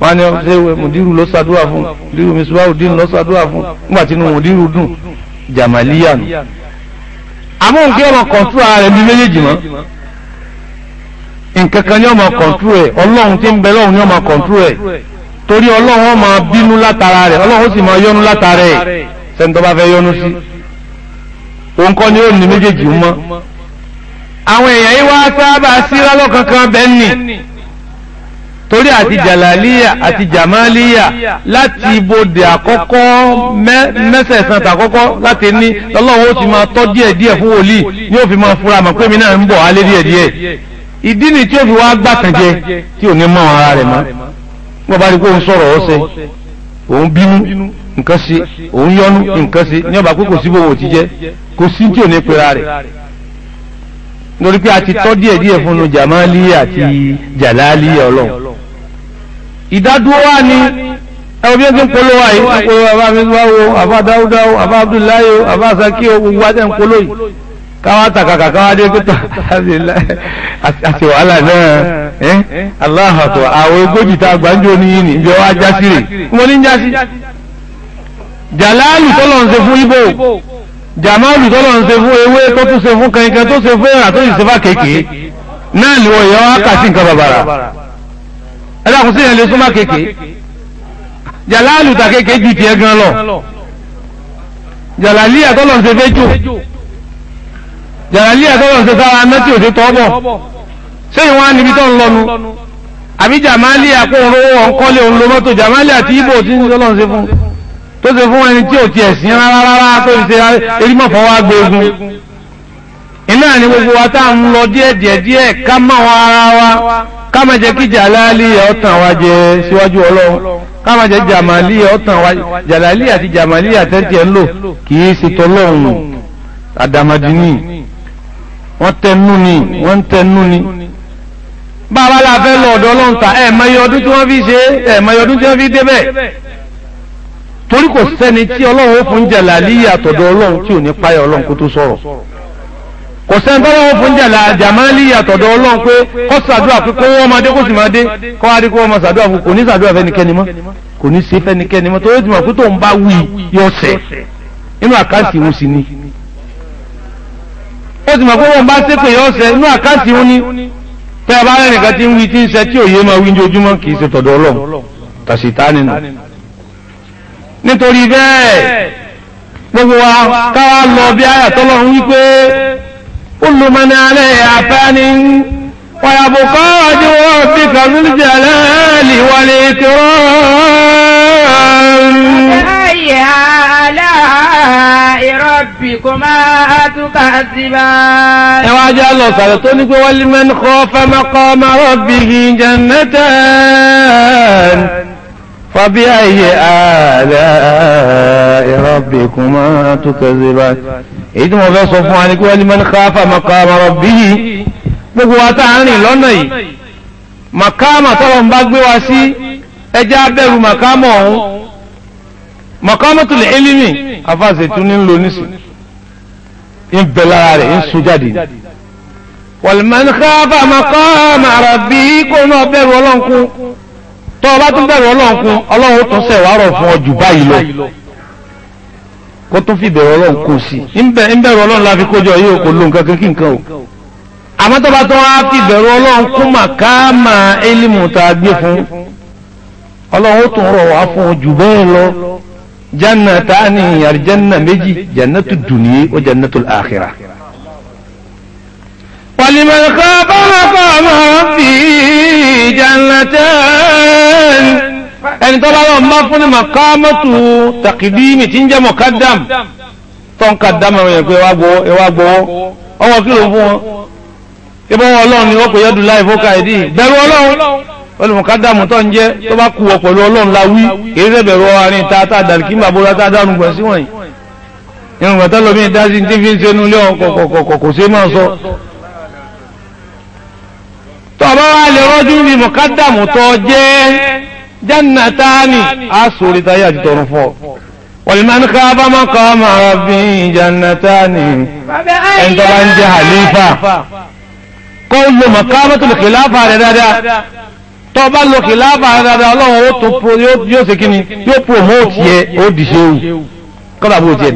wọ́n ní ṣé mùdírù ló ṣàdúrà fún mùdírù misuwahudin ló ṣàdúrà fún nígbà tí inú mùdírù dùn jàmàlíyà nù àmọ́ nǹkan ọmọ kọ̀ǹtúrà rẹ̀ bí méjèèjì nkankan kan ma ọmọ kọ̀ǹtú tí ń bẹ lọ́run ní ọmọ kọ̀ǹtú ẹ̀ torí ọlọ́run ó máa bínú rẹ̀ ọlọ́run ó si máa yọ́nú látara ẹ̀ sẹ́ni tó bá fẹ́ yọ́nú sí òun ni méjèèjì mọ́ àwọn èèyàn yìí wá sábà síra kankan bẹ́ẹ̀ nì torí àti àti láti láti ní ti máa fún wòlíì ìdí ni tí ó fi wá gbàtànjẹ tí ò ní mọ ara rẹ̀ mọ́ wọ́n bá rí pé òun sọ̀rọ̀ ọ̀sẹ̀ òun bínú nǹkan sí òun yọnu nǹkan sí ní ọba pé kò sí bòwò ti jẹ kò sí tí ò ní pera rẹ̀ lórí pé a ti tọ́ díẹ̀ díẹ̀ fún un jamali àti jalali ọlọ́run ìdádúró wa ni ẹ̀rọ bí ó ti ń polówó àyè ń polówó àbá mi wá wo àbá dáúdáú àbá abdullahi àbá saki gbogbo wa tẹ̀ ń polówó yìí káwá tàkàkà káwá dé pẹ́tọ́ àti wàhálà náà eh? aláhàtọ̀ àwọn ogójì tá a gbàǹjo ní yìí ní ìjọ wa jásí rè mo ní jásí jàláàlù tọ́lọ̀ ń ṣe fún ibo jàmáàlù tọ́lọ̀ ń ṣe fún ewé tó tún ṣe fún kankan tó ṣe fún èrà tó sì ṣe fà kéèké náà ni wọ́n yọ wá kà sí nǹkan bàbàrà ẹ dákun sí yẹn súnmọ́ kéèké jàláàlù tàkéèké ju tiẹ̀ gan lọ jàlálíyà tọ́lọ̀ ń ṣe fẹ́ jò jàràlí àtọ́lọ̀ ń sẹ́sára aná tí ò sí tọ́bọ̀ ṣé ìwọ́n níbi tó ń lọ́nu àbí jàmálì àpò òǹrówó ọ̀nkọ́lé òǹlo mọ́tò jàmálì àti ibo tí ń lọ́n ṣe fún tó ṣe fún ẹni tí ò ti ẹ̀sìn rárá rárá tó ṣe erímọ̀fọ́ wá gbégun iná ni gbogbo wa tá à ń lọ díẹ̀ díẹ̀ díẹ̀ ká má wọn ara wa ká má jẹ́ kí jàlálì ọ̀tàn wa jẹ síwájú ọlọ́run ká má jẹ́ jàmálì ọ̀tàn wa jàlálì àti jàmálì àtẹ́tì ń lò kì í ṣe tọ́lọ́run àdàmàdìní wọ́n tẹnu ni wọ́n tẹnu ni bàbá la fẹ́ lọ ọ̀dọ̀ ọlọ́run ta ẹ̀ mọ iye ọdún tí wọ́n fi ṣe ẹ̀ mọ iye ọdún tí wọ́n fi débẹ̀ torí kò sẹ́ni tí ọlọ́run ó fún jẹ̀lá líyà àtọ̀dọ̀ ọlọ́run tí ò ní páyà ọlọ́run kó tó sọ̀rọ̀ kò sẹ́ni tọ́lọ́wọ́ fún jẹ̀lá jàmáàlì àtọ̀dọ̀ ọlọ́run pé kọ́ sàdúrà pé kó wọ́n máa dé kó sì máa dé kọ́ wá dé kó wọ́n ni ó ti mọ̀ pé wọ́n bá ṣépè yọ ọ̀sẹ̀ inú àkáǹtì òun ni tẹ́ ẹ bá rẹ̀ nìkan ti ń wí tí ń ṣe tí òye máa wí ní kì í ṣe tọ̀dọ̀ ọlọ́run tàṣítà nínú. nítorí bẹ́ẹ̀ gbogbo wa káwa lọ bí àyà tọ́lọ́run wípé ó lo mọ́ni alẹ́ àfẹ́ni wàyàbùkọ́ ọdí wọ́n fi kàmílì jẹ̀lẹ́ẹ̀lì wọlé kìrọ́ọ̀rù. فبأي آلاء ربكما تكذبان إواجه إيه الله صلى الله عليه ولمن خاف مقام ربه جنتان فبأي آلاء ربكما تكذبان إذن وفي صفوانك ولمن خاف مقام ربه بقواتاني لوني مقام طلب بقواسي ẹjá bẹ̀rù màkámọ̀ ọ̀hún mọ̀kánmọ́tòlì ẹlẹ́mì afáṣetún ní lò nísì ń bẹ lára rẹ̀ ń sun jáde wàlùmọ́nìkàfà mọ̀kánmọ́ àràbí kó náà bẹ̀rù ọlọ́nkún tó o bá tún bẹ̀rù ọlọ́nkún ọlọ́run tún sẹ̀ wárọ̀ fún ọ jù báyìí lọ kó tún fi bẹ̀rù ọlọ́run kù sí ń bẹ̀rù ọlọ́run la fi kójọ yìí kò lo nǹkan kí nǹkan o àmọ́ tó bá tó wá fi bẹ̀rù ọlọ́run kún janna taani aljanna méjì jannatu duniye o jannatu akhira. waliman khaba maqama rabbi jannatan. ẹni tó bá wọn bá fún ni maqamatu taqdimi tí ń jẹ́ muqaddam tó ń kaddam àwọn yẹn pé ẹ wá gbowó ẹ wá gbowó ọwọ́ kí ló ń fún wọn. ibà wọn ọlọ́run ni wọ́n kò yẹ́dùn láì olùmọ̀kádàmù tó ń jẹ́ tó bá kú wọ pẹ̀lú ọlọ́run la wí èyí rẹ̀bẹ̀rọ arin ta tá dàlùkí bàbúrà tá dànù gbọ̀n sí wọ̀nyí irun gbọ̀n tọ́lọ́ mi dá sí tí fi ń senú lé ọkọ̀ kò sí máa sọ. tó o bá wá lè rọ́jú ní mọ̀kádàmù tó jẹ́ jẹ́nà táàní á sòrí táyà ti tọrọ fọ́ wọ̀lìmọ́ni ká bá máa kọ́ máa rọ jẹ́nà táàní ẹni bá ń jẹ́ àlífà kó lo mọ̀kábàtò tọ́ bá lo kìláàfà dáadáa ọlọ́run ó tún pro yóò ṣe kí ni yóò promote yẹ ó di ṣéwù kọ́dà bó tiẹ̀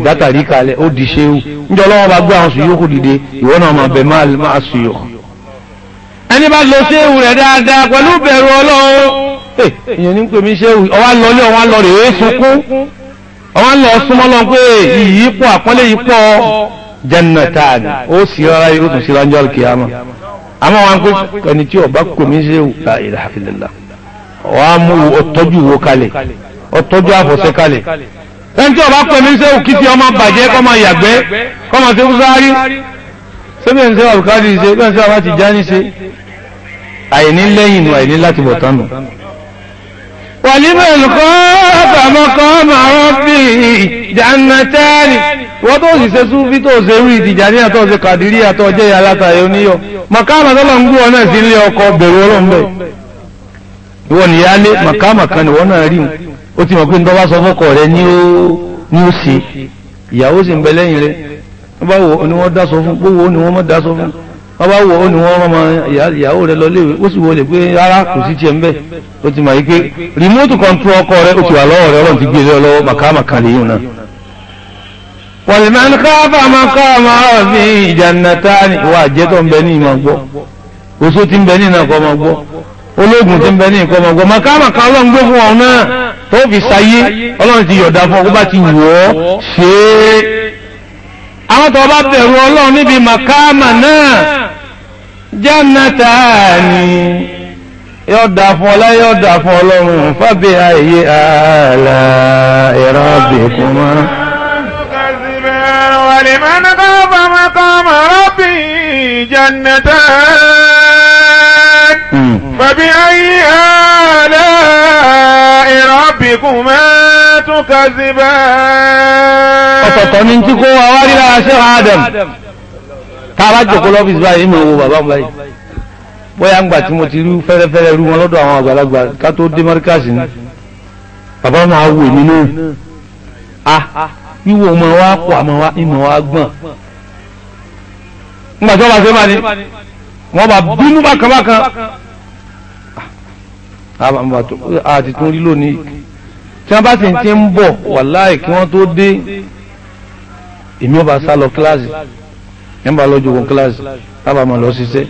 kalẹ̀ ó di ṣéwù níjọ́ ọlọ́run bá gbé àwọn sùyókù dìde ìwọ náà máa máa ẹni bá lo ṣéwù rẹ̀ dáadáa pẹ̀lú bẹ̀rù ọlọ́run eh, àmọ́ wọn pé ẹni tí ọba kò mí ṣe wò la ilaha illallah wàá mú ọtọ́jú wo kalẹ̀ ọtọ́jú àfọ̀sẹ́ kalẹ̀ ẹni tí ọba kò mí ṣe wò kí ti ọmọ bàjẹ́ kọ́ máa yàgbẹ́ kọ́ máa ṣe kú sáré sẹ́bẹ̀ ń ṣe àbùkádì ṣe bẹ́ẹ̀ ń ṣe àbá já ní ṣe àìní lẹ́yìn àìní láti bọ̀ tánu. ولمن خاف مقام ربه جنتان wọ́n tó sì ṣe súnfí tó ṣe rí ìtìjàní àtọ́ ṣe kàdírí àtọ́ jẹ́ ìyá látàrí makama tó gbọ́ náà sí ilé ọkọ̀ bẹ̀rù ọlọ́mbẹ̀ ìwọ nìyá lé makama kan nìwọ náà rí un ó ti mọ̀ pé nítorí wá sọ fọ́kọ̀ rẹ ní ó ní ó ṣe wọ́n bá wọ ó ní wọ́n rọmọ ìyàwó rẹ lọ léwe ó sì wọlé pé rárá kò sí tiẹ̀ mbẹ́ ó ti mọ̀ yí pé remote ọkọ rẹ ó wà lọ́wọ́ rẹ ọlọ́run ti gbé lé lọ́wọ́ màkàmàkà lè náà. wọ̀lẹ̀mẹ́n káfà máa kọ́ ọmọ ọ̀fi ni wà jẹ́ ń bẹ ní ìmọ̀ gbọ́ oṣù tí ń bẹ ní ọmọ gbọ́ ológun tí ń bẹ ní ọmọ àwọn tó bá bẹ̀rù jannatani yọ́dà fún ọlá yọ́dà fún ọlọ́run fábí ayé ààlà ìrọ́bì kúmọ́ ولمن خاف مقام ربه جنتان فبأي آلاء ربكما تكذبان ọ̀tọ̀tọ̀ ni tí kó wa wá rí lára ṣe Adam tá a bá jòkó lọ́fíìsì báyìí ìmọ̀ owó bàbá mi báyìí bóyá ńgbà tí mo ti rú fẹ́rẹ́fẹ́rẹ́ rú wọn lọ́dọ̀ àwọn àgbàlagbà ká tó dé mọ́ríkàsì ni bàbá máa wò mí náà a wíwò ọmọ wa kọ àmọ́ wa ìmọ̀ wa gbọ̀n ńgbà tí wọ́n bá ṣe máa ní wọ́n bá bínú bákan bákan àti tún rí lónìí tí wọ́n bá sì ti ń bọ̀ wàláì kí wọ́n tó dé èmi ọba sá lọ kíláàsì nígbà lójú wọn kíláàsì lábà máa lọ ṣiṣẹ́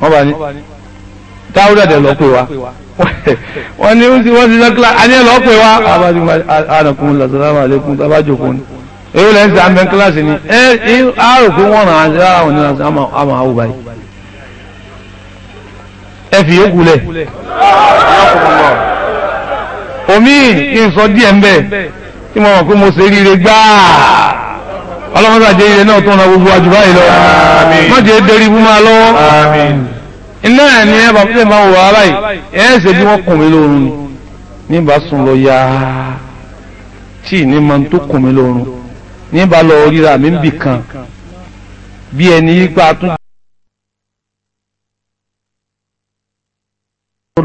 wọ́n bá ní táwùdà dẹ̀ lọ pè wá wọ́n ní wọ́n ti sọ́kílá àní ẹ̀ lọ pè wá abájú ànàkùn làṣàlámà àlékún tábàjòkó ni èyí lẹ́yìn tí a mẹ́ kíláàsì ni ẹ àrò kó wọ́n ràn án sí àwọn oníranṣẹ́ àmọ́ àwò báyìí ẹ fi yókù lẹ̀ omi kí n sọ díẹ̀ ń bẹ̀ tí mo mọ̀ pé mo ṣe ríire gbáà ọlọ́mọdé àjẹ́ ilẹ̀ náà tó ń ra gbogbo àjùbá yìí lọ wọ́n jẹ́ dérí bú máa lọ́wọ́ iná ẹ̀ ní ẹ̀bà fún ìmọ̀ wà láì ẹ̀ ṣe bí wọ́n kùn mí lórun ni níbà sùn lọ ya tí ní ma tó kùn mí lórun níbà lọ ríra mi ń bì kan bí ẹni yípa tún.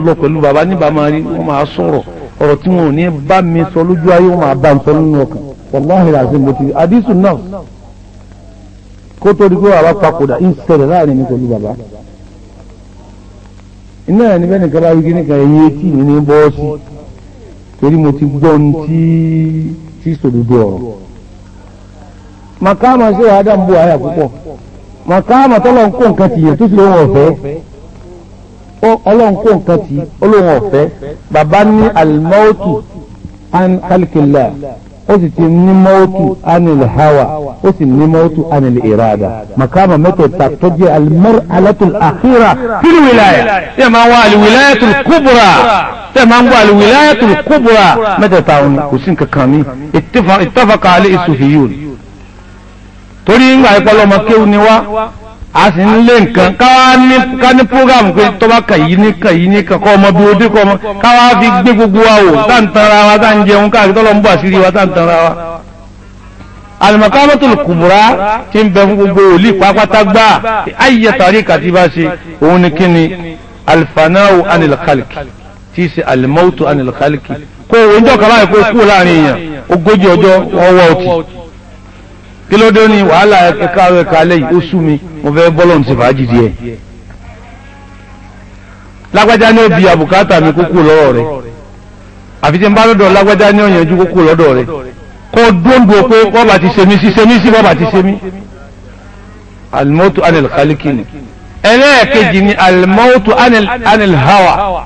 lọ pẹ̀lú bàbá níbà máa rí wọ́n máa sọ̀rọ̀ ọ̀rọ̀ tí wọn ò ní bá mi sọ lójú ayé wọn máa bá mi nínú ọkàn wàláhì rà sí mo ti àdísù náà kó tó di pé bàbá papòdà ń ṣẹlẹ̀ láàrin ní pẹ̀lú bàbá iná ẹ̀ níbẹ̀ nìkan bá wíkí nìkan ẹ̀yìn etí mi ní bọ́ọ̀sì torí mo ti gbọ́ ohun tí tí sòdodo ọ̀rọ̀ màkàmà ṣé wàá dàmbò àyà púpọ̀ màkàmà tọ́lọ̀ ń kó nǹkan ti yẹ tó sì lóun ọ̀fẹ́ ọlọ́run kó nǹkan ti olóhun ọ̀fẹ́ bàbá ní alimọ́tò ó sì ti ní mọ́wótù anil hawa ó sì ní mọ́wótù anil irada makama mẹ́tẹ̀ẹ̀ta tó jẹ́ alimọ́rù alátùl àkírà fílù wìláyà tẹ́ máa ń wá aliwìláyàtul kúbùrà tẹ́ máa ń wá aliwìláyàtul kúbùrà mẹ́tẹ̀ẹ̀ta òun kò sí nǹkan kan mi ìtafaka alẹ́ ìsòfìyún torí ń gbà ẹ̀pọ̀ lọ́mọ kéwù ni wá a sì ń lé nǹkan káwá ní ká ní program pé tó bá kàn yí ní kàn yí ní kàn kọ́ ọmọ bí odé kọ́ ọmọ káwá fi gbé gbogbo wa wò tá n tanra wa tá n jẹun káàkiri tọ́lọ́ ń bọ̀ àṣírí wa tá n tanra wa. alimakamoto kubura ti ń bẹ fún gbogbo òlì pápátá gbà ayé tàrí kàtí bá ṣe òun ni kíni alifanawo anilkaliki tí ṣe alimawutu anilkaliki kó o ń jọ kaba yẹn kó o kú láàrin èèyàn ogójì ọjọ́ wọ́n wọ́ ọtí kí ló dé ní wàhálà ẹ̀ka ẹ̀ka lẹ́yìn ó sú mi mo fẹ́ bọ́lọ̀ ti fàájì díẹ̀ lágbájá ní òbí àbùkátà mi kókó lọ́rọ̀ rẹ̀ àfi tí n bá lọ́dọ̀ lágbájá ní òyìnjú kókó lọ́dọ̀ rẹ̀ kó dóńgbò pé bọ́ba ti ṣe mí sí ṣe mí sí bọ́ba ti ṣe mí alimotu anil khalikini ẹlẹ́ẹ̀kejì ni alimotu anil hawa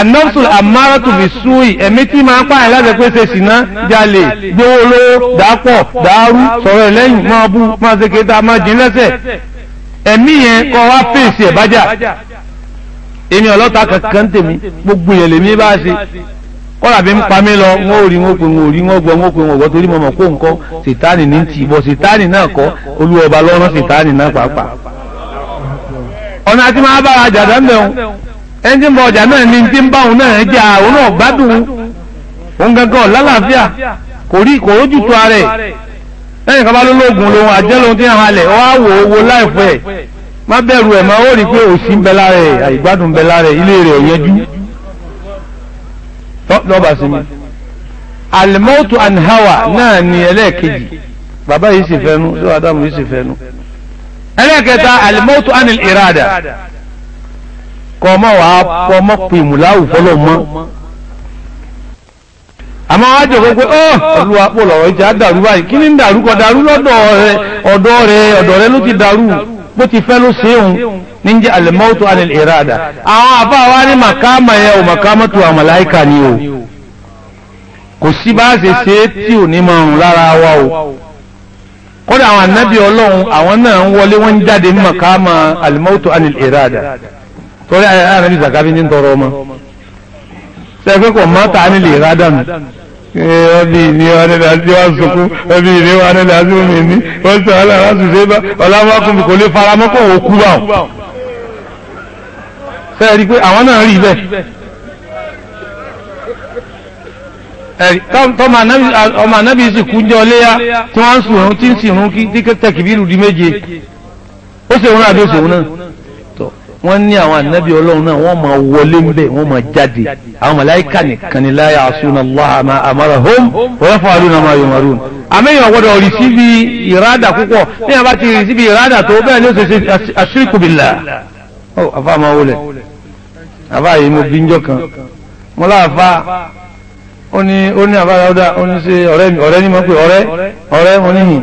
anọ́sùn àmáràtùbí súwì ẹ̀mí tí máa ń pààyàn láti pé ṣe ṣìná jalè gbówó lówó dàápọ̀ dàárú sọ̀rọ̀ ẹlẹ́yìn máa bú máa ṣe kéta máa jìn lẹ́sẹ̀ ẹ̀mí yẹn kọ́ wá fèsì ẹ̀ bájà èmi ọlọ́ta kankan tèmi gbogbo yẹn lèmi bá ṣe kọ́lá bí ń pa mí lọ wọ́n ò rí wọ́n pè wọ́n ò rí wọ́n gbọ́ wọ́n pè wọ́n gbọ́ torí mo mọ̀ kó nǹkan sètáànì ní ti ìbọn sètáànì náà kọ́ olúwọba lọ́rùn sètáànì náà pàápàá ọ̀nà àti máa bára jàdá ń bẹ̀rù ẹni tí ń bọ ọjà náà ni ti ń bá òun náà jà òun náà gbádùn òun gangan ọ̀làlàáfíà kò rí kò rójú tó ara ẹ̀ lẹ́yìn kan bá ló lóògùn lòun àjẹ́ lòun ti ń halẹ̀ wá wò ó wo láìpẹ́ ẹ̀ má bẹ̀rù ẹ̀ mọ́ ó rí i pé òsì ń bẹ lára ẹ̀ àìgbádùn ń bẹ lára ẹ̀ ilé rẹ̀ yẹjú lọ́ba sí mi alimọ́tò náà ni ẹlẹ́ẹ̀kejì bàbá yìí sì fẹ́nu sí wàá yìí sì fẹ́nu ẹlẹ́ẹ̀kẹta alimọ́tò anil irada kọ́ ọmọ wà á fọ́ ọmọ pè mùláwù fọ́lọ́ mọ́ àmọ́ wá jọ pé ọ́ olúwa pò lọ̀rọ̀ ìjà dàrú báyìí kí ni ń dàrú kọ dàrú lọ́dọ̀ rẹ ọ̀dọ̀ rẹ ọ̀dọ̀ rẹ ló ti dàrú bó ti fẹ́ ló ṣeun ní jẹ́ alimọ́tò alẹ́ ìrada àwọn àbá wa ní màkàmà yẹn o màkàmà tó àwọn màláìkà ni o kò sí bá ṣe ṣe tí ò ní mọ ọrùn lára wa o kódà àwọn ànábì ọlọ́run àwọn náà ń wọlé wọ́n ń jáde ní màkàmà alimọ́tò alẹ́ ìrada torí ànábì zakabi ní tọrọ ọmọ sẹ́fẹ́ kò má ta ní lè rádà mi ẹbí ni ọdẹ láti wá sọkún ẹbí ni wà ní láti omi ní wọ́n sọ ọlọ́run láti ṣe bá ọlọ́mọkùn kò lè fara mọ́ kó wọ́n kú bá wọn. sẹ́ẹ̀ rí i pé àwọn náà rí bẹ́ẹ̀ tọ́mọ ọmọ anábì sì kúnjọ léyá tí wọ́n ń sùn tí ń sìnrún kí tẹ́kìbí di méje ó sì rún àdóṣòwò náà wọ́n ní àwọn anabi ọlọ́run náà wọ́n máa wọlé ńbẹ̀ wọ́n máa jáde àwọn màláíkà nìkan ni láyà àsúná allah ma amara hom wọ́n fọ àlùna ma yọ̀ marun. àmẹ́yìn ọ̀gbọ́dọ̀ rìsíbi ìrádà púpọ̀ ní àbá ti rìsíbi ìrádà tó bẹ́ẹ̀ ní oṣooṣù àṣírìkùbìlà. ọ àfa máa wọlé àfa yìí mo bí njọ kan mo láàfa ó ó ní àbá dáadáa ó ní ṣe ọ̀rẹ́ ni mo pè ọ̀rẹ́ ọ̀rẹ́ mo níhìn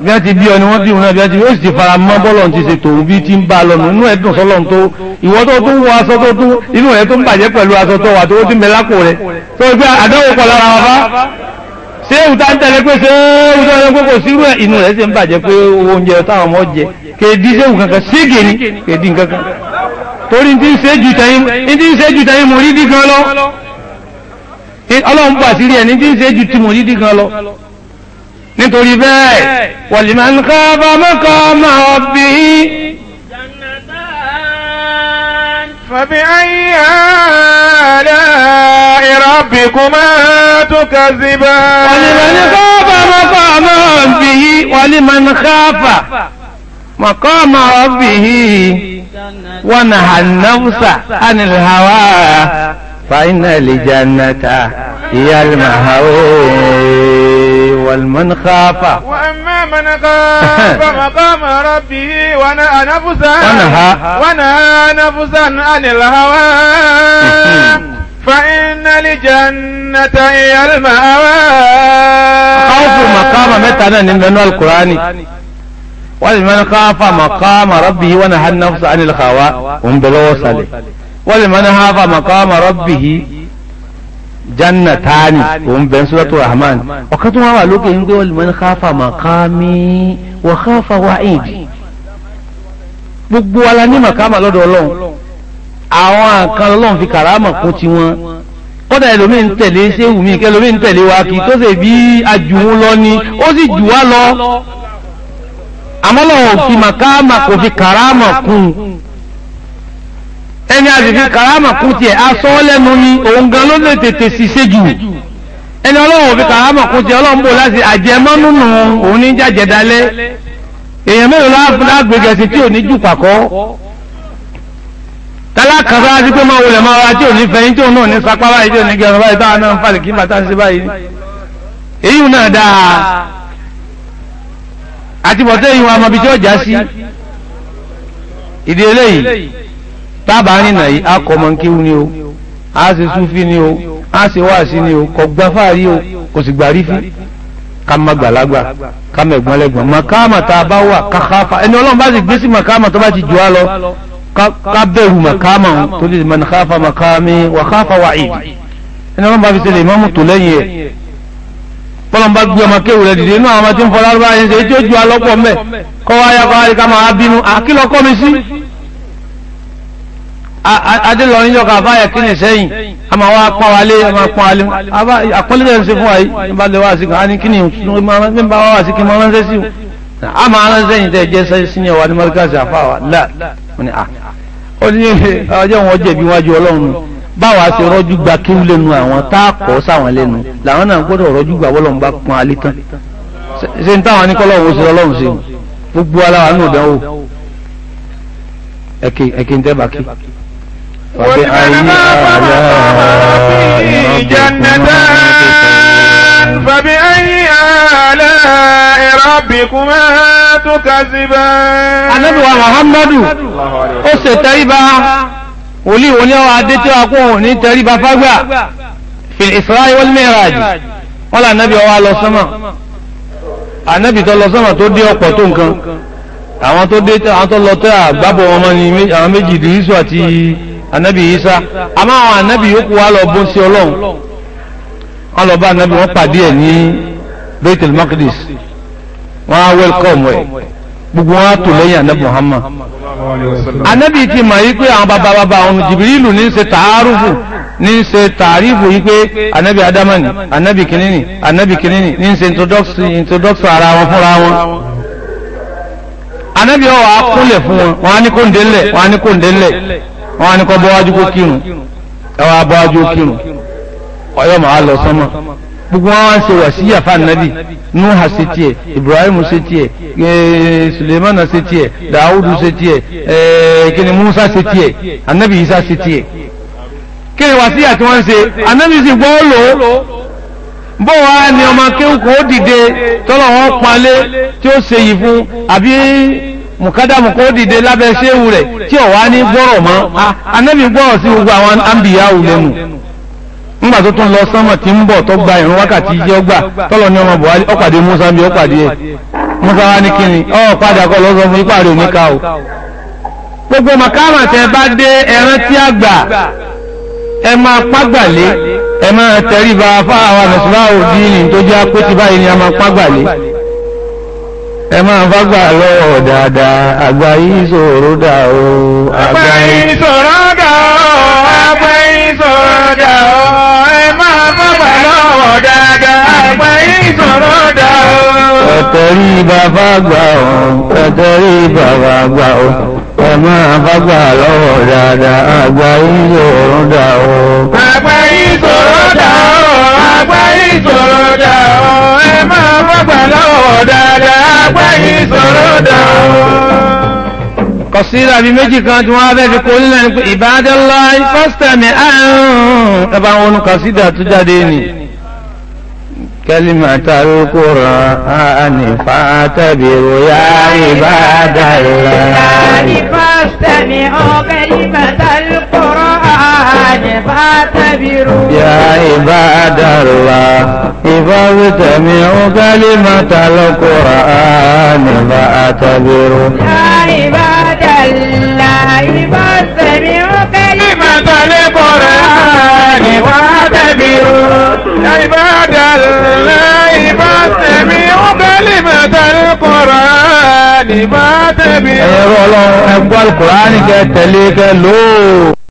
bí wọ́n ti bí ọ ni wọ́n bí òun náà bí wọ́n ti bí ó sì ti fara mọ́ bọ́ọ̀lù ti ṣe tòun bí ti ń bá a lọ nínú ẹ̀dùn sọ́lọ́n tó ìwọ tó tó wọ aṣọ tó tó inú rẹ tó ń bàjẹ́ pẹ̀lú aṣọ tó wà tó ó ti mẹ lápò rẹ tó o gbé àdánwò pọ̀ lára wọn bá ṣé òun tá ń tẹ̀lé pé ṣé òun tó ń tẹ̀lé pé sírú ẹ̀ inú rẹ ṣe ń bàjẹ́ pé oúnjẹ táwọn ọmọ jẹ kéèdí ṣéwù kankan ségè ni kéèdí kankan torí ti ti ń ṣe ju tẹ̀yìn ní ti ń ṣe ju nítorí bẹ́ẹ̀ wọ̀lìmọ̀ ń ká فبأي آلاء ربكما تكذبان ولمن خاف مقام ربه ولمن خاف مقام ربه ونهى النفس عن الهوى فإن الجنة هي المهوى والمن خاف وأما من خاف *laughs* مقام ربه ونهى نفسا ونهى نفسا عن الهوى *laughs* فإن لجنة هي المأوى خوف مقام متى نمنو القرآن ولمن خاف مقام ربه ونهى النفس عن الهوى هم بلوصله ولمن خاف مقام ربه janna taani òun bẹ̀rẹ̀ sọ́dọ̀tò rahman ọ̀kan tó wá wà lókè ń gbé wọ́n lùmọ́ ní káfà màkámi wọ́n káfà wá èdè gbogbo ala ní màkámà lọ́dọ̀ ọlọ́run àwọn àkan ọlọ́run fi kàrámà kún tiwọn kọ́dà ẹlòmíín tẹ̀lé séwù mi kẹlòmíín tẹ̀lé wa kì í tó ṣe bí ajùwọ̀n lọ ni ó sì jù wá lọ àmọ́ lọ́wọ́ fi màkámà kò kàrámà kún ẹni àṣìfi karama kún tiẹ̀ asọ́ lẹ́nu ni òun gan ló lè tètè ṣiṣẹ́ ẹni karama kún tiẹ̀ ọlọ́run bò láti àjẹmọ́nùnù òun ní jàjẹ̀dálẹ́ èèyàn mélòó lágbègbè sí tí ò ní jù pàkọ́ tálákàtà sí pé máa wọlé máa wá tí ò ní fẹ́yìn tí òun náà ní sapá báyìí tí ò ní gẹ̀rọ báyìí táwọn náà ń falè kí ń ṣe báyìí èyí náà àti bọ̀tẹ́ yìí wọn tí tábà rìnà yìí a kọ́ mọ́ kéwú ni o a ṣe súnfí ni o a ṣe wáàsí ni o kò gbá fáàrí o kò sì gbà rí fi ká má gbàlagbà ká má ẹ̀gbọ́n lẹ́gbọ́n màkàmà tá a bá wà ká káfa ẹni ọlọ́run bá sì gbé sí màkàmà tó bá ti jù á lọ ká bẹ̀rù màkàmà òun tó lè mọ̀ káfa màkàmì wà káfa wà ìdì ẹni ọlọ́run bá fi ṣe lè mọ́mú tó lẹ́yìn ẹ̀ bọ́lọ̀n bá gbé ọmọ kéwù rẹ̀ dìde inú àwọn ọmọ tí ń fọlá lọ́wọ́ ayé ṣe tí ó ju alọ́pọ̀ mẹ́ kọ́ wáyà kọ́ wáyà máa bínú àkìlọ́kọ́ mi sí. a yọkọ àbáyà kíni sẹ́yìn a máa wá pọ́n wálé a máa pọ́n wálé àpọ́nlẹ́dẹ̀ ń ṣe fún wa yìí nígbà lè wá sí kan á ní wá sí kí máa ránṣẹ́ sí a máa ránṣẹ́ yìí tẹ́ jẹ́ sẹ́yìn sínú wa ní mọ́ríkàsì àfáwà là ó ní ọjọ́ wọn jẹ̀bi wájú ọlọ́run ṣe rọ́jú gba kíw lẹ́nu àwọn tá a kọ́ sáwọn lẹ́nu làwọn náà gbọ́dọ̀ ولمن أعلى جنتان فبأي آلاء ربكما تكذبان النبي محمد أستيبا ولي ولي وعدتي أكون تريبا فقا في الإسراء والمعراج ولا النبي وعلى السماء ànábì tó lọ sọ́mà tó dé ọ̀pọ̀ tó nǹkan àwọn tó dé àwọn tó lọ tẹ́ àgbábọ̀ wọn mọ́ àwọn méjì ìdírísù àti anabi isa àmọ́ àwọn anabi yòókù wa lọ bó ń sí ọlọ́run wọn lọ bá anabi wọn pàdé ẹ̀ ní Baitul Maqdis wọn á wẹ́lkọ̀mù ẹ̀ gbogbo wọn á tò lẹ́yìn anabi Muhammad anabi ti mọ̀ yí pé àwọn bàbá bàbá àwọn jìbìrìlù ní ṣe tààrùfù ní ṣe tààrífù yí pé anabi adamani anabi kìnínì anabi kìnínì ní ṣe introduction ara wọn fúnra wọn anabi ọwọ́ akúnlẹ̀ fún wọn wọn á ní kó ń délẹ̀ wọn á ní kó ń délẹ̀ wọ́n ní kọ́ bọ́wájú kó kírun ẹwà bọ́wájú ó kírun ọ̀yọ́ màá lọ sánmà gbogbo wọn wá ń ṣe wàsíyà fànàbì nuha ṣe tiẹ̀ ibrahim ṣe tiẹ̀ eh, suleiman ṣe tiẹ̀ dawudu ṣe tiẹ̀ eh, kíni musa ṣe tiẹ̀ anabi isa ṣe tiẹ̀ kíni wàsíyà tí wọ́n ṣe anabi sì gbọ́ lò ó bó wàá ní ọmọ kéwù kó dìde tọ́lọ̀ wọn palẹ̀ tí ó ṣe yìí fún àbí mùkádàmù kó dìde lábẹ́ ṣéwù rẹ̀ tí ò wá ní gbọ́rọ̀ mọ́ anábì gbọ́rọ̀ sí gbogbo àwọn àmbìyá ò lẹ́nu ńgbà tó tún lọ sánmọ̀ tí ń bọ̀ tó gba ìrún wákàtí iṣẹ́ ọgbà tọ́lọ ní ọmọ buhari ọ̀pàdé musa bí ọ̀pàdé ẹ̀ musa wá ní kíni ọ̀ padà kọ́ lọ́sọ fún ipá rẹ̀ oníka o gbogbo màkàmà tẹ bá dé ẹran tí a gbà ẹ máa pàgbàlé ẹ máa tẹríba fáwọn àmọ̀síláwò ẹ máa fágbà lọ́wọ́ dáadáa àgbà yìí ṣòro dà o àgbà yìí ṣòro dà o àgbà yìí ṣòro dà o ẹ máa fágbà lọ́wọ́ dáadáa àgbà yìí ṣòro dà o. ẹ̀tẹ̀rí bàbá àgbà o ẹ̀tẹ̀rí bàbá àgbà o ẹ máa fágbà lọ́wọ́ dáadáa àgbà yìí ṣòro dà o. àgbà yìí ṣòro dà o àgbà yìí ṣòro dà o ẹ máa lọ́wọ́ dáadáa gbẹ̀yìn sọ̀rọ̀ dà o. kọ̀sídà bíi méjì kan tí wọ́n á fẹ́ fi kó nílẹ̀ ní pé ìbádọ́lá fásitẹ̀mì àrùn ẹ̀bá wọn kọ̀sídà tó jáde nì. كلمة القرآن فاعتبروا يا عباد الله فاستمعوا كلمة فاعتبروا يا عباد الله فاجتمعوا كلمة القرآن فاعتبروا يا عباد الله فاجتمعوا كلمة القرآن فاعتبروا يا عباد الله فاجتمعوا كلمة القرآن فاعتبروا يا الله أقوى القرآن كالتليك لو